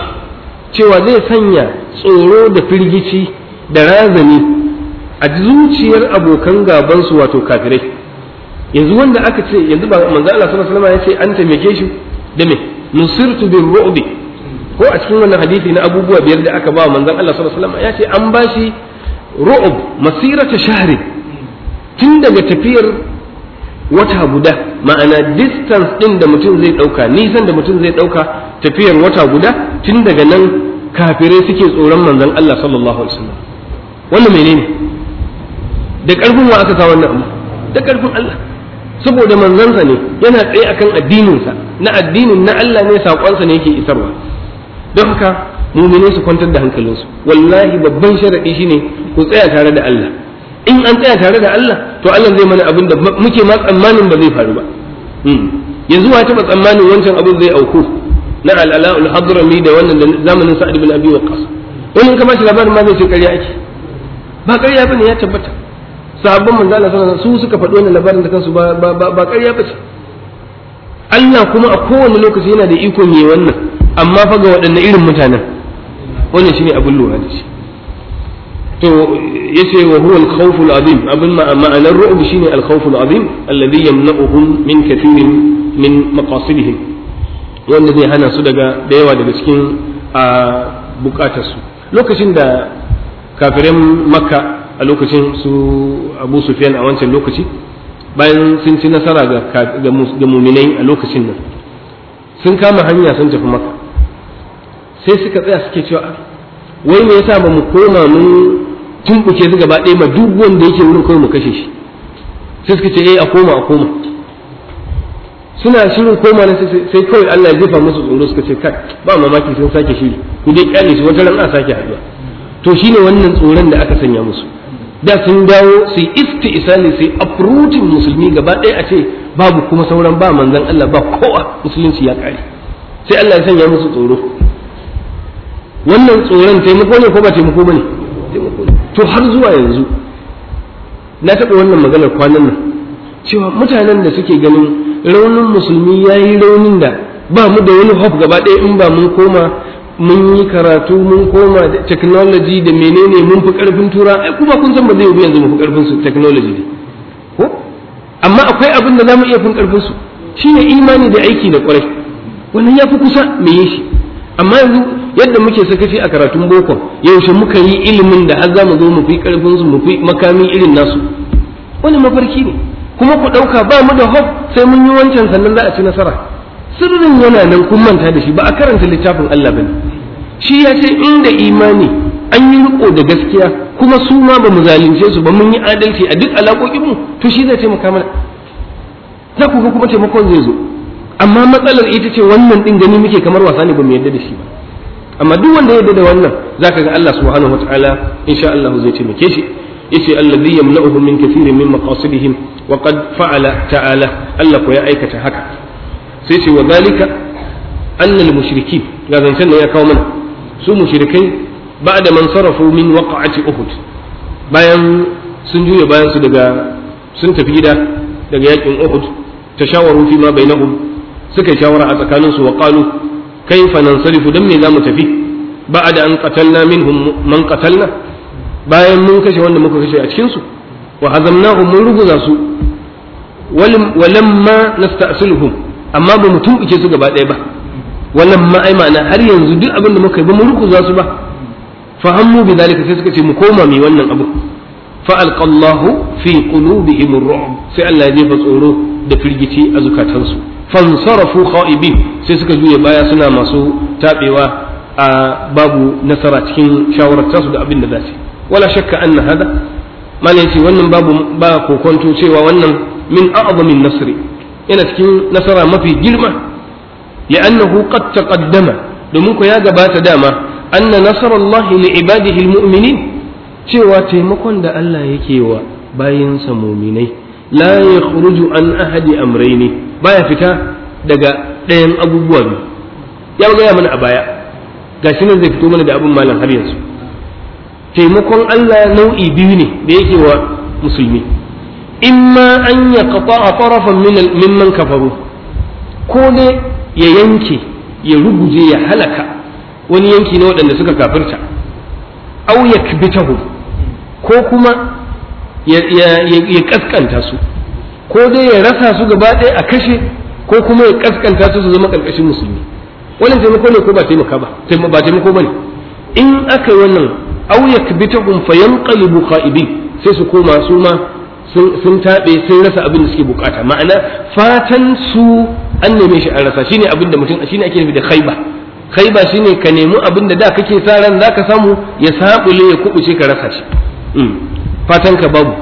cewa zai sanya tsoro da firgici da razani a zuciyar abokan gaban su wato kafirai yanzu wanda aka ce yanzu ba manzo Allah sallallahu alaihi wasallam ya ce an taimake shi da me nusirtu bir-ru'bi ko a cikin wannan hadisi na abubuwa biyar da aka ba manzon Allah sallallahu alaihi wasallam ya ce an bashi ru'ub masirata shahrin tun daga tafiyar wata guda ma'ana distance ɗin da mutum zai ɗauka nisan da mutum zai ɗauka tafiyar wata guda tun daga nan kafirai suke tsoron manzon Allah sallallahu alaihi wasallam wannan menene da ƙarfin wa aka sa wannan abu da ƙarfin Allah saboda manzansa ne yana tsaye akan addininsa na addinin na Allah ne saƙonsa ne yake isarwa don haka mumine su kwantar da hankalinsu wallahi babban sharaɗi shine ku tsaya tare da Allah in an tsaya tare da Allah to Allah zai mana abin da muke ma tsammanin ba zai faru ba hmm. yanzu wa taɓa tsammanin wancan abin zai auku na al'ala'ul hadrami da wannan da zamanin sa'ad bin abi waqas wani in ka bashi labarin ma zai ce ƙarya ake ba ƙarya bane ya tabbata sahabban manzo Allah sallallahu alaihi su suka faɗi wannan labarin da kansu ba ba ƙarya bace Allah kuma a kowane lokaci yana da ikon yi wannan amma fa ga waɗanne irin mutanen wannan shine abin lura da shi to yace wa huwa al-khawf al-azim abin ma'anar ru'b shine al-khawf al-azim alladhi yamna'uhum min kathirin min maqasidihim wanda zai hana su daga da yawa daga cikin su. lokacin da kafirin makka a lokacin su abu sufyan a wancan lokaci bayan sun ci nasara ga muminai a lokacin nan sun kama hanya sun tafi maka sai suka tsaya suke cewa wai me yasa ba mu koma mu. tumbuke su gaba ɗaya ma duk wanda yake wurin kawai mu kashe shi sai suka ce eh a koma a koma suna shirin koma na sai kawai Allah ya jefa musu tsoro suka ce kai ba mamaki sun sake shiri ku dai kyale shi wata ran a sake haɗuwa to shine wannan tsoron da aka sanya musu da sun dawo su yi isti'isali su yi uprooting musulmi gaba ɗaya a ce babu kuma sauran ba manzan Allah ba kowa musulunci ya ƙare sai Allah ya sanya musu tsoro wannan tsoron taimako ne ko ba taimako ba ne to har zuwa yanzu na taɓa wannan maganar kwanan nan cewa mutanen da suke ganin raunin musulmi ya yi raunin da ba mu da wani hof gaba ɗaya in ba mun koma mun yi karatu mun koma da technology da menene mun fi ƙarfin tura ai kuma kun san ba zai yi yanzu mun fi ƙarfin su technology ne ko amma akwai abin da za mu iya fin ƙarfin su shine imani da aiki da ƙwarai wannan ya fi kusa me yi shi amma yanzu yadda muke sakaci a karatun boko yaushe muka yi ilimin da har zamu zo mu fi karfin su mu fi makamin irin nasu wani mafarki ne kuma ku dauka ba mu da hope sai mun yi wancan sannan za a ci nasara sirrin yana nan kun manta da shi ba a karanta littafin Allah bane shi ya ce inda imani an yi riko da gaskiya kuma su ma ba mu zalunce su ba mun yi adalci a duk alaƙoƙinmu to shi zai taimaka mana za ku ga kuma taimakon zai zo amma matsalar ita ce wannan din gani muke kamar wasa ne ba mu yadda da shi ba amma duk wanda ya yarda da wannan zaka ga Allah subhanahu wataala insha Allah zai taimake shi yace alladhi yamna'uhum min kathirin min maqasidihim wa qad fa'ala ta'ala Allah ko ya aikata haka sai ce wa zalika anna al mushrikin ga zancen da ya kawo mana su mushrikai ba'da man sarafu min waqa'ati uhud bayan sun juya bayan su daga sun tafi gida daga yakin uhud tashawaru fi ma bainahum suka shawara a tsakaninsu wa qalu kaifa nansalifu dan me zamu tafi da an qatalna minhum man qatalna bayan mun kashe wanda muka kashe a cikin su wa hazamnahum mun ruguza su walamma nasta'siluhum amma ba mu tumbuke su gaba ɗaya ba walamma ai ma'ana har yanzu duk abin da muka yi ba mu ruguza su ba fahammu bi zalika sai suka ce mu koma mi wannan abu fa alqallahu fi qulubihim ar-ru'b sai Allah ya jefa tsoro da firgici a zukatansu fansarafu kha'ibin sai suka juye baya suna masu tabewa a babu nasara cikin shawarar tasu da abin da za su wala shakka anna hada mana yace wannan babu ba kokonto cewa wannan min a'zamin nasri yana cikin nasara mafi girma ya annahu qad taqaddama domin ko ya gabata dama anna nasarallahi li ibadihi almu'minin cewa taimakon da Allah yake wa bayinsa mu'minai la yakhruju an ahadi amrayni baya fita daga ɗayan abubuwa biyu ya gaya mana a baya ga shi ne zai fito mana da abin malam har yanzu taimakon Allah nau'i biyu ne da yake wa musulmi imma an ya kafa a farafan mimman kafaru ko dai ya yanke ya ruguje ya halaka wani yanki na waɗanda suka kafirta au ya ko kuma ya kaskanta su ko dai ya rasa su gaba ɗaya a kashe ko kuma ya kaskanta su su zama ƙarƙashin musulmi wannan taimako ne ko ba taimaka ba ba taimako ba ne in aka yi wannan kun yakbitahum fayanqalibu kha'ibin sai su koma su ma sun taɓe sun rasa abin da suke bukata ma'ana fatan su an neme shi an rasa shine abin da mutum shine ake nufi da khaiba khaiba shine ka nemi abin da da kake sa ran zaka samu ya sabule ya kubuce ka rasa shi hmm. fatan ka babu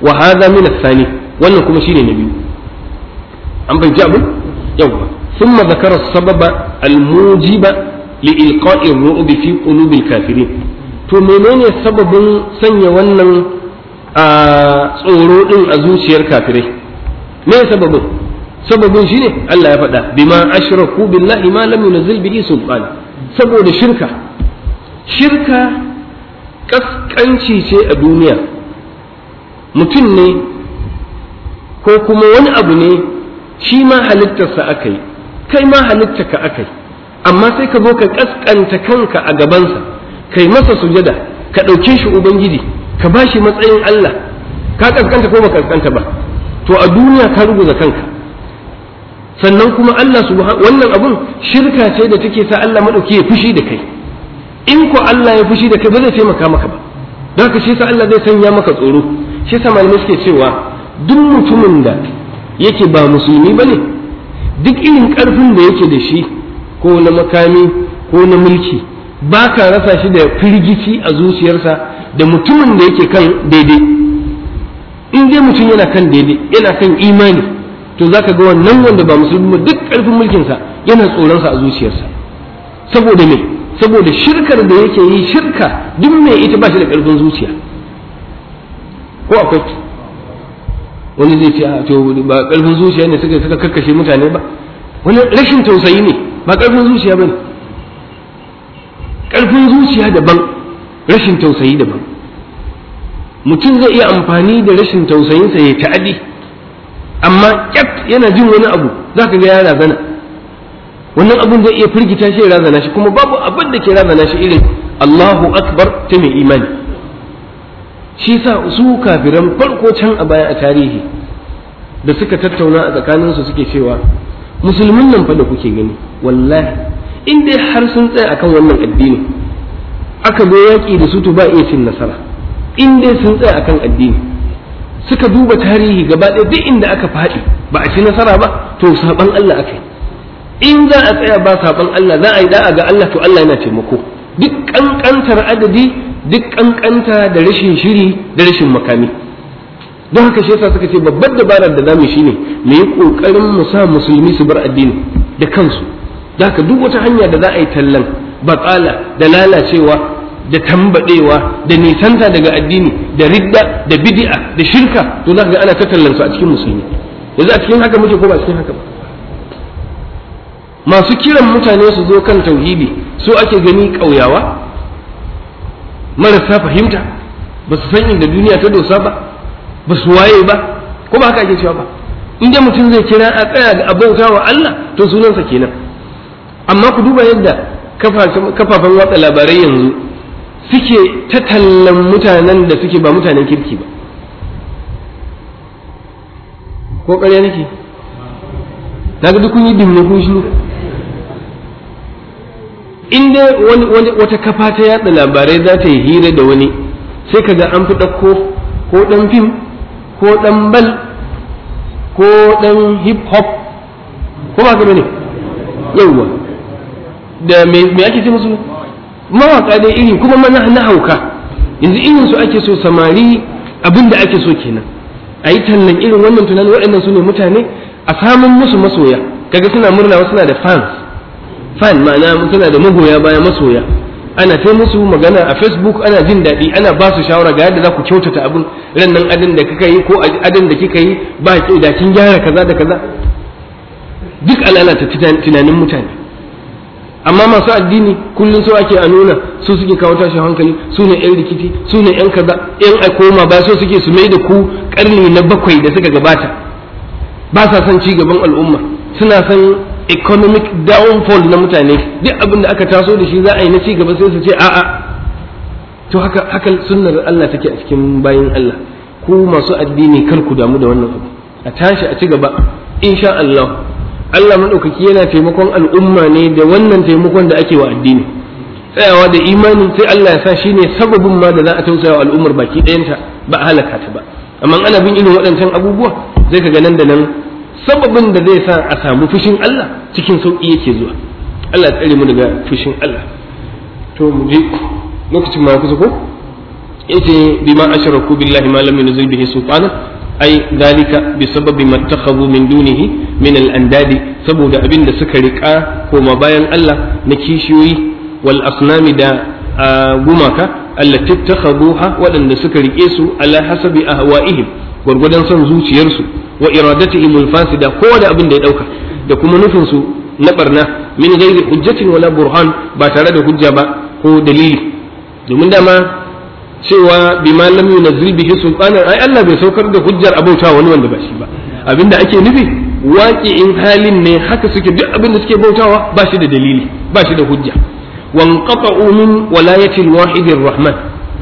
wa hadha min as-sani wannan kuma shine na biyu an fahimci abu yawa ثم ذكر السبب الموجب لإلقاء الرعب fi قلوب kafirin. to menene sababin sanya wannan tsoro din a zuciyar kafirai me sababin sababin shine Allah ya faɗa bima ashraku billahi ma lam yunzil bihi sultan saboda shirka shirka kaskanci ce a duniya mutum ne ko kuma wani abu ne shi ma halittarsa aka yi kai ma ka aka yi amma sai ka zo ka kaskanta kanka a gabansa kai masa sujada ka ɗauke shi ubangiji ka ba shi matsayin Allah ka kaskanta ko ba kaskanta ba to a duniya ka ruguza kanka sannan kuma Allah subhanahu wannan abun shirka ce da take sa Allah madauki ya fushi da kai in ko Allah ya fushi da kai ba zai taimaka maka ba don haka shi sa Allah zai sanya maka tsoro shi sa malamai suke cewa duk mutumin da yake ba musulmi ba ne duk irin ƙarfin da yake da shi ko na makami ko na mulki ba ka rasa shi da firgici a zuciyarsa da mutumin da yake kan daidai in dai mutum yana kan daidai yana kan imani to za ka ga wannan wanda ba musulmi ba duk ƙarfin mulkinsa yana tsoronsa a zuciyarsa saboda me saboda shirkar da yake yi shirka duk mai ita ba shi da ƙarfin zuciya ko akwai wani zai ce ah, to ba ƙarfin zuciya ne suka suka kakkashe mutane ba wani rashin tausayi ne ba ƙarfin zuciya ba ne karfin zuciya daban rashin tausayi daban mutum zai iya amfani da rashin tausayinsa ya ta'adi amma kyat yana jin wani abu za ka ga ya razana wannan abun zai iya firgita shi ya razana shi kuma babu abin da ke razana shi irin Allahu akbar ta mai imani shi sa su kafiran farko can a baya a tarihi da suka tattauna a tsakaninsu suke cewa musulmin nan fa da kuke gani wallahi in dai har sun tsaya akan wannan addini aka zo yaƙi da su to ba iya cin nasara in dai sun tsaya akan addini suka duba tarihi gaba ɗaya duk inda aka faɗi ba a ci nasara ba to saban Allah aka yi in za a tsaya ba saban Allah za a yi da'a ga Allah to Allah yana taimako duk ƙanƙantar adadi duk kankanta da rashin shiri da rashin makami don haka shi yasa suka ce babbar dabarar da zamu shine mu yi kokarin mu sa musulmi su bar addini da kansu da haka duk wata hanya da za a yi tallan batsala da lalacewa da tambadewa da nisanta daga addini da ridda da bid'a da shirka to za ga ana ta tallan su a cikin musulmi yanzu a cikin haka muke ko ba cikin haka ba masu kiran mutane su zo kan tauhidi su ake gani ƙauyawa marasa fahimta ba su san inda duniya ta dosa ba ba su waye ba ko ba haka ake cewa ba in dai mutum zai kira a tsaya ga abauta wa Allah to sunansa kenan amma ku duba yadda kafafen watsa labarai yanzu suke ta tallan mutanen da suke ba mutanen kirki ba ko ƙarya nake na ga duk kun yi dimne kun shi in dai wata kafa ta yada labarai za ta yi hira da wani sai kaga an fi ɗauko ko ɗan fim ko ɗan bal ko ɗan hip hop ko ba ka bane yawwa da me ake ce musu mawaka dai iri kuma mana na hauka yanzu irin su ake so samari abin da ake so kenan a yi tallan irin wannan tunanin waɗannan su ne mutane a samun musu masoya kaga suna murna suna da fans fan ma'ana suna da magoya bayan masoya ana ta musu magana a facebook ana jin daɗi ana ba su shawara ga yadda za ku kyautata abin ran nan adin da kika yi ko adin da kika yi ba da kin gyara kaza da kaza duk alalata tunanin mutane amma masu addini kullum so ake a nuna su suke kawo tashin hankali su ne yan rikici su ne yan kaza yan a koma ba so suke su mai da ku karni na bakwai da suka gabata ba sa son ci gaban al'umma suna son economic downfall na mutane duk abin da aka taso da shi za a yi na cigaba sai su ce a'a to haka haka sunnar Allah take a cikin bayin Allah ku masu addini kar ku damu da wannan abu a tashi a ci gaba insha Allah Allah madaukaki yana taimakon al'umma ne da wannan taimakon da ake wa addini tsayawa da imani sai Allah ya sa shine sababin ma da za a tausaya wa al'ummar baki ɗayanta ba halaka ta ba amma ana bin irin waɗancan abubuwa zai ka ga nan da nan sababin da zai sa a samu fushin Allah cikin sauƙi yake zuwa Allah tsare mu daga fushin Allah to mu je lokacin ma kusa ko yace bima asharaku billahi ma lam yunzil bihi sultana ai dalika bi sababi mattakhadhu min dunihi min al-andadi saboda abin da suka rika koma bayan Allah na kishiyoyi wal asnami da gumaka allati takhaduha waɗanda suka rike su ala hasabi ahwa'ihim gwargwadon son zuciyarsu wa iradatihim al-fasida ko da abin da ya dauka da kuma nufin su na barna min ghairi hujjatin wala burhan ba tare da hujja ba ko dalili domin dama cewa bima lam yunzil bihi sultanan ai Allah bai saukar da hujjar abauta wani wanda ba shi ba abinda ake nufi in halin ne haka suke duk abin da suke bautawa ba shi da dalili ba shi da hujja wanqata'u min walayati al rahman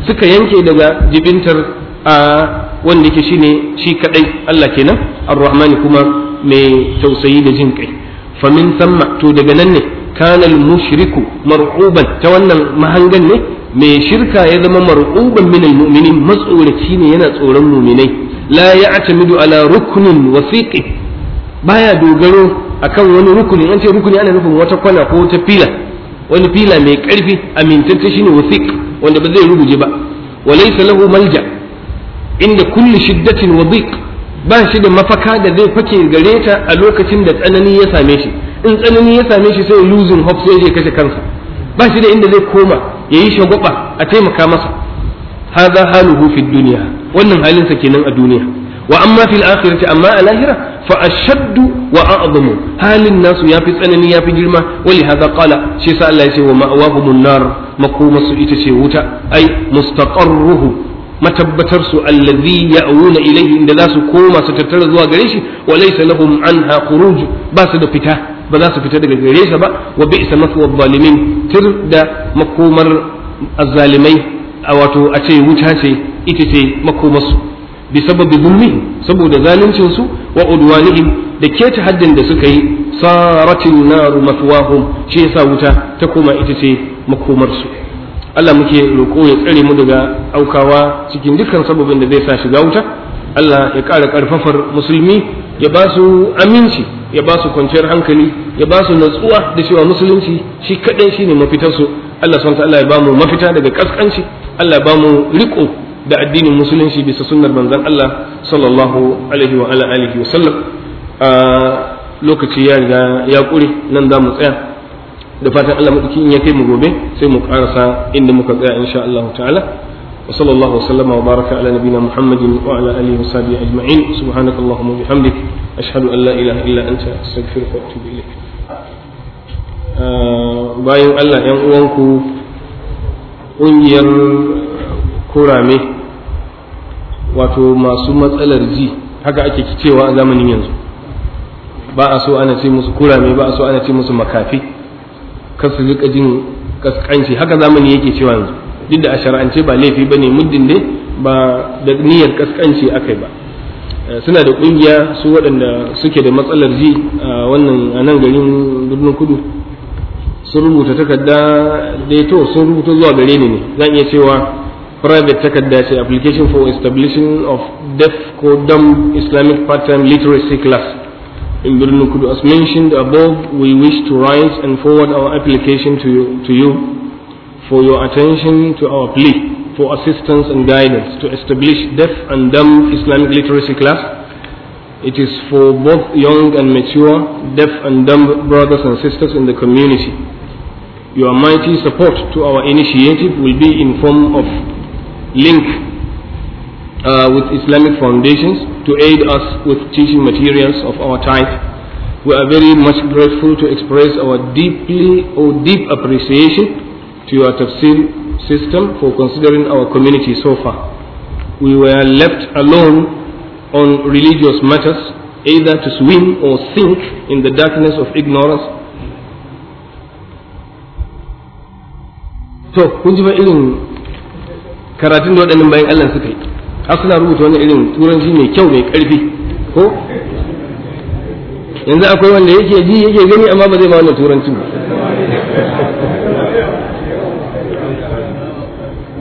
suka yanke daga jibintar a wanda yake shine shi kadai Allah kenan ar-rahman kuma mai tausayi da jin kai fa min to daga nan ne kana al-mushriku mar'uban ta wannan mahangan ne mai shirka ya zama mar'uban min al-mu'minin matsoraci ne yana tsoron mu'minai la ya'tamidu ala ruknin wasiqi baya dogaro akan wani rukuni an ce rukuni ana nufin wata kwana ko wata fila wani fila mai karfi amintacce shine wasiq wanda ba zai ruguje ba walaysa lahu malja' inda kulli shiddatin wa dhiq ba shi da mafaka da zai fake gare ta a lokacin da tsanani ya same shi in tsanani ya same shi sai losing hope sai ya kashe kansa ba shi da inda zai koma yayi shagwaba a taimaka masa hadha haluhu fi dunya wannan halinsa kenan a duniya wa amma fil akhirati amma a lahira fa ashaddu wa a'zamu halin nasu yafi tsanani yafi girma wali hadha qala shi sa Allah ya ce wa ma'wahumun nar su ita ce wuta ai mustaqarruhu matabbatar su allazi auna ilaihi inda za su koma su tattara zuwa gare shi wa laysa lahum anha khuruj ba su da fita ba za su fita daga gare shi ba wa bi'sa maswa zalimin tir da makomar azzalimai a wato a ce wuta ce ita ce makomarsu bi sababi zulmi saboda zaluncin su wa udwanihim da ta haddin da suka yi saratin naru mafwahum shi yasa wuta ta koma ita ce makomarsu Allah muke roƙo ya tsare mu daga aukawa cikin dukkan sababin da zai sa shiga wuta Allah ya ƙara ƙarfafar musulmi ya ba su aminci ya ba su kwanciyar hankali ya ba su natsuwa da cewa musulunci shi kaɗai shine mafitarsu Allah sun Allah ya ba mu mafita daga ƙasƙanci. Allah ya ba mu riƙo da addinin musulunci bisa sunnar manzon Allah sallallahu alaihi wa ala alihi wa sallam ah, lokaci ya riga ya ƙure nan za mu tsaya da fatan Allah madauki in ya kai mu gobe sai mu karasa inda muka tsaya insha Allah ta'ala wa sallallahu wasallama wa baraka ala nabina muhammadin wa ala alihi wa sahbihi ajma'in subhanaka allahumma wa bihamdik ashhadu an la ilaha illa anta astaghfiruka wa atubu ilaik ah, bayan Allah yan uwanku kungiyar kurame wato masu matsalar ji haka ake cewa a zamanin yanzu ba a so ana ce musu kurame ba a so ana ce musu makafi kar su rika jin kaskanci haka zamani yake cewa yanzu duk da a shar'ance ba laifi ne muddin dai ba da niyyar kaskanci akai ba eh, suna da kungiya su waɗanda suke da matsalar ji a wannan a nan garin birnin kudu sun rubuta takarda daito sun rubuta zuwa gare ne zan iya cewa private takarda ce application for establishing of deaf ko dumb islamic pattern literacy class in As mentioned above, we wish to rise and forward our application to you, to you for your attention to our plea for assistance and guidance to establish deaf and dumb Islamic literacy class. It is for both young and mature, deaf and dumb brothers and sisters in the community. Your mighty support to our initiative will be in form of link uh, with Islamic foundations to aid us with teaching materials of our type. We are very much grateful to express our deeply or oh, deep appreciation to your tafsir system for considering our community so far. We were left alone on religious matters, either to swim or sink in the darkness of ignorance So, kun ji ba irin karatun da waɗannan bayan Allah suka yi har suna rubuta wani irin turanci mai kyau mai karfi ko yanzu akwai wanda yake ji yake gani amma ba zai ba wannan turanci ba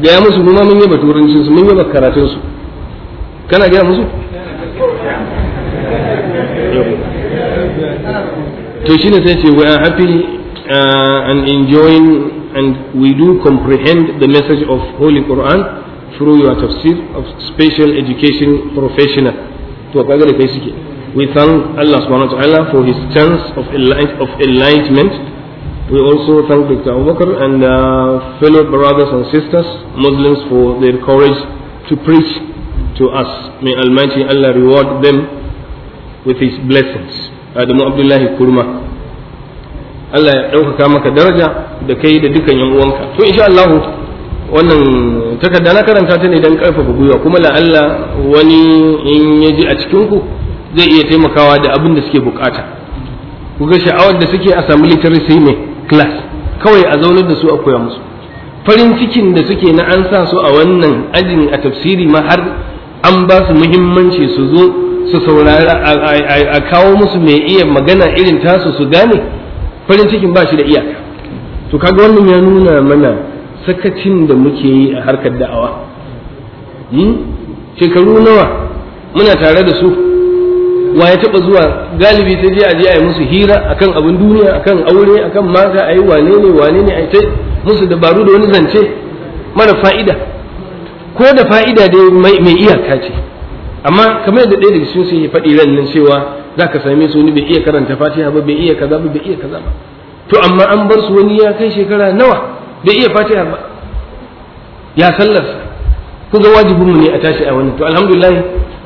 gaya musu kuma mun yaba turancin su mun yaba karatun su kana gaya musu to shine sai ce we are happy uh, and enjoying and we do comprehend the message of holy quran through your tafsir of special education professional to kaga da kai suke we thank Allah subhanahu wa ta'ala for his chance of of enlightenment we also thank Dr. Abubakar and uh, fellow brothers and sisters Muslims for their courage to preach to us may almighty Allah reward them with his blessings Adamu Abdullahi Kurma Allah ya ɗaukaka maka daraja da kai da dukan yan uwanka to insha Allah wannan takarda na karanta ta ne don karfafa gwiwa kuma la'alla wani in ya ji a cikinku zai iya taimakawa da abin da suke bukata ku ga sha'awar da suke a samu literacy mai class kawai a zaunar da su a koya musu farin cikin da suke na an sa su a wannan ajin a tafsiri ma har an ba su muhimmanci su zo su saurari a kawo musu mai iya magana irin tasu su gane farin cikin ba shi da iyaka to kaga wannan ya nuna mana sakacin da muke yi a harkar da'awa hmm? shekaru nawa muna tare da su wa ya taɓa zuwa galibi ta je a je a yi musu hira akan abin duniya akan aure akan mata a yi wane ne wane ne a yi musu dabaru da wani zance mara fa'ida ko da fa'ida dai mai iyaka ce amma kamar yadda ɗaya daga cikin sun yi faɗi ran nan cewa za ka same su wani bai iya karanta fatiha ba bai iya kaza ba bai iya kaza ba to amma an bar su wani ya kai shekara nawa bai iya fatiha ba ya sallarsa kuga wajibin mu ne a tashi a wannan to alhamdulillah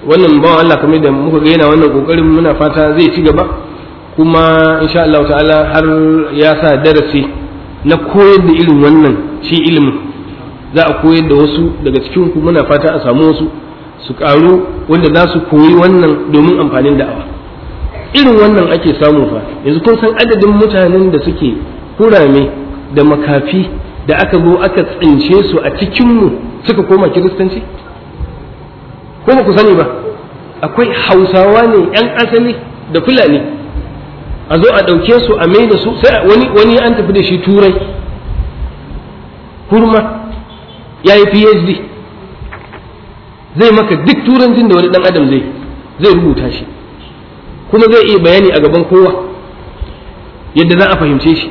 wannan ba Allah kamar da muka ga yana wannan kokarin muna fata zai ci gaba kuma insha Allah ta'ala har ya sa darasi na koyar da irin wannan shi ilimin za a koyar da wasu daga cikin ku muna fata a samu wasu su karu wanda za su koyi wannan domin amfanin da'awa irin wannan ake samu fa yanzu kun san adadin mutanen da suke kurame da makafi da aka zo aka tsince su a cikinmu suka koma kiristanci ko ba ku sani ba akwai hausawa ne yan asali da fulani a zo a ɗauke su a mai da su sai wani wani an tafi da shi turai kurma ya yi phd zai maka duk turancin da wani dan adam zai zai rubuta shi kuma zai iya bayani a gaban kowa yadda za a fahimce shi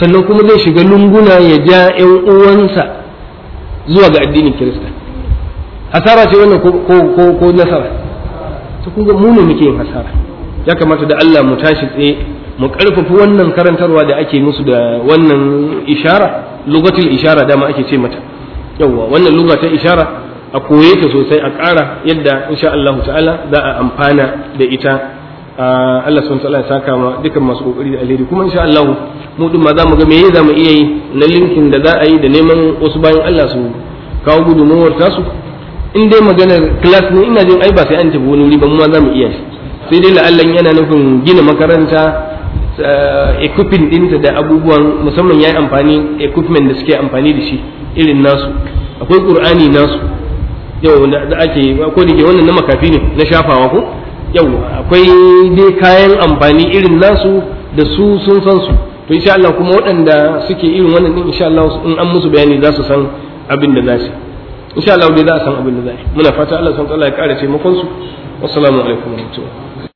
sannan kuma zai shiga lunguna ya ja 'yan uwansa zuwa ga addinin kirista hasara ce wannan ko nasara ta kuma muke yin hasara ya kamata da Allah mu tashi tsaye mu karfafi wannan karantarwa da ake musu da wannan ishara lugatul ishara dama ake ce mata yawwa wannan lugha ishara a koye ta sosai a ƙara yadda insha Allah ta'ala za a amfana da ita Ah, Allah sun tsala ya saka ma dukkan masu kokari da alheri kuma insha Allah mu din ma za mu ga me za mu iya yi na linkin da za a yi da neman wasu bayan Allah su kawo gudunmuwar tasu in dai maganar class ne ina jin ai ba sai an tabo wani wuri ba mu ma za mu iya sai dai la'allan yana nufin gina makaranta ah, equipment dinta da abubuwan musamman ya yi amfani equipment da suke amfani da shi irin nasu akwai qur'ani nasu yau da ake ko da wannan na makafi ne na shafawa ko yau akwai dai kayan amfani irin nasu da su sun san su to insha Allah kuma waɗanda suke irin wannan din insha Allah in an musu bayani za su san abin da za su insha Allah dai za su san abin da za muna fata Allah san Allah ya ƙara taimakon su assalamu alaikum wa rahmatullahi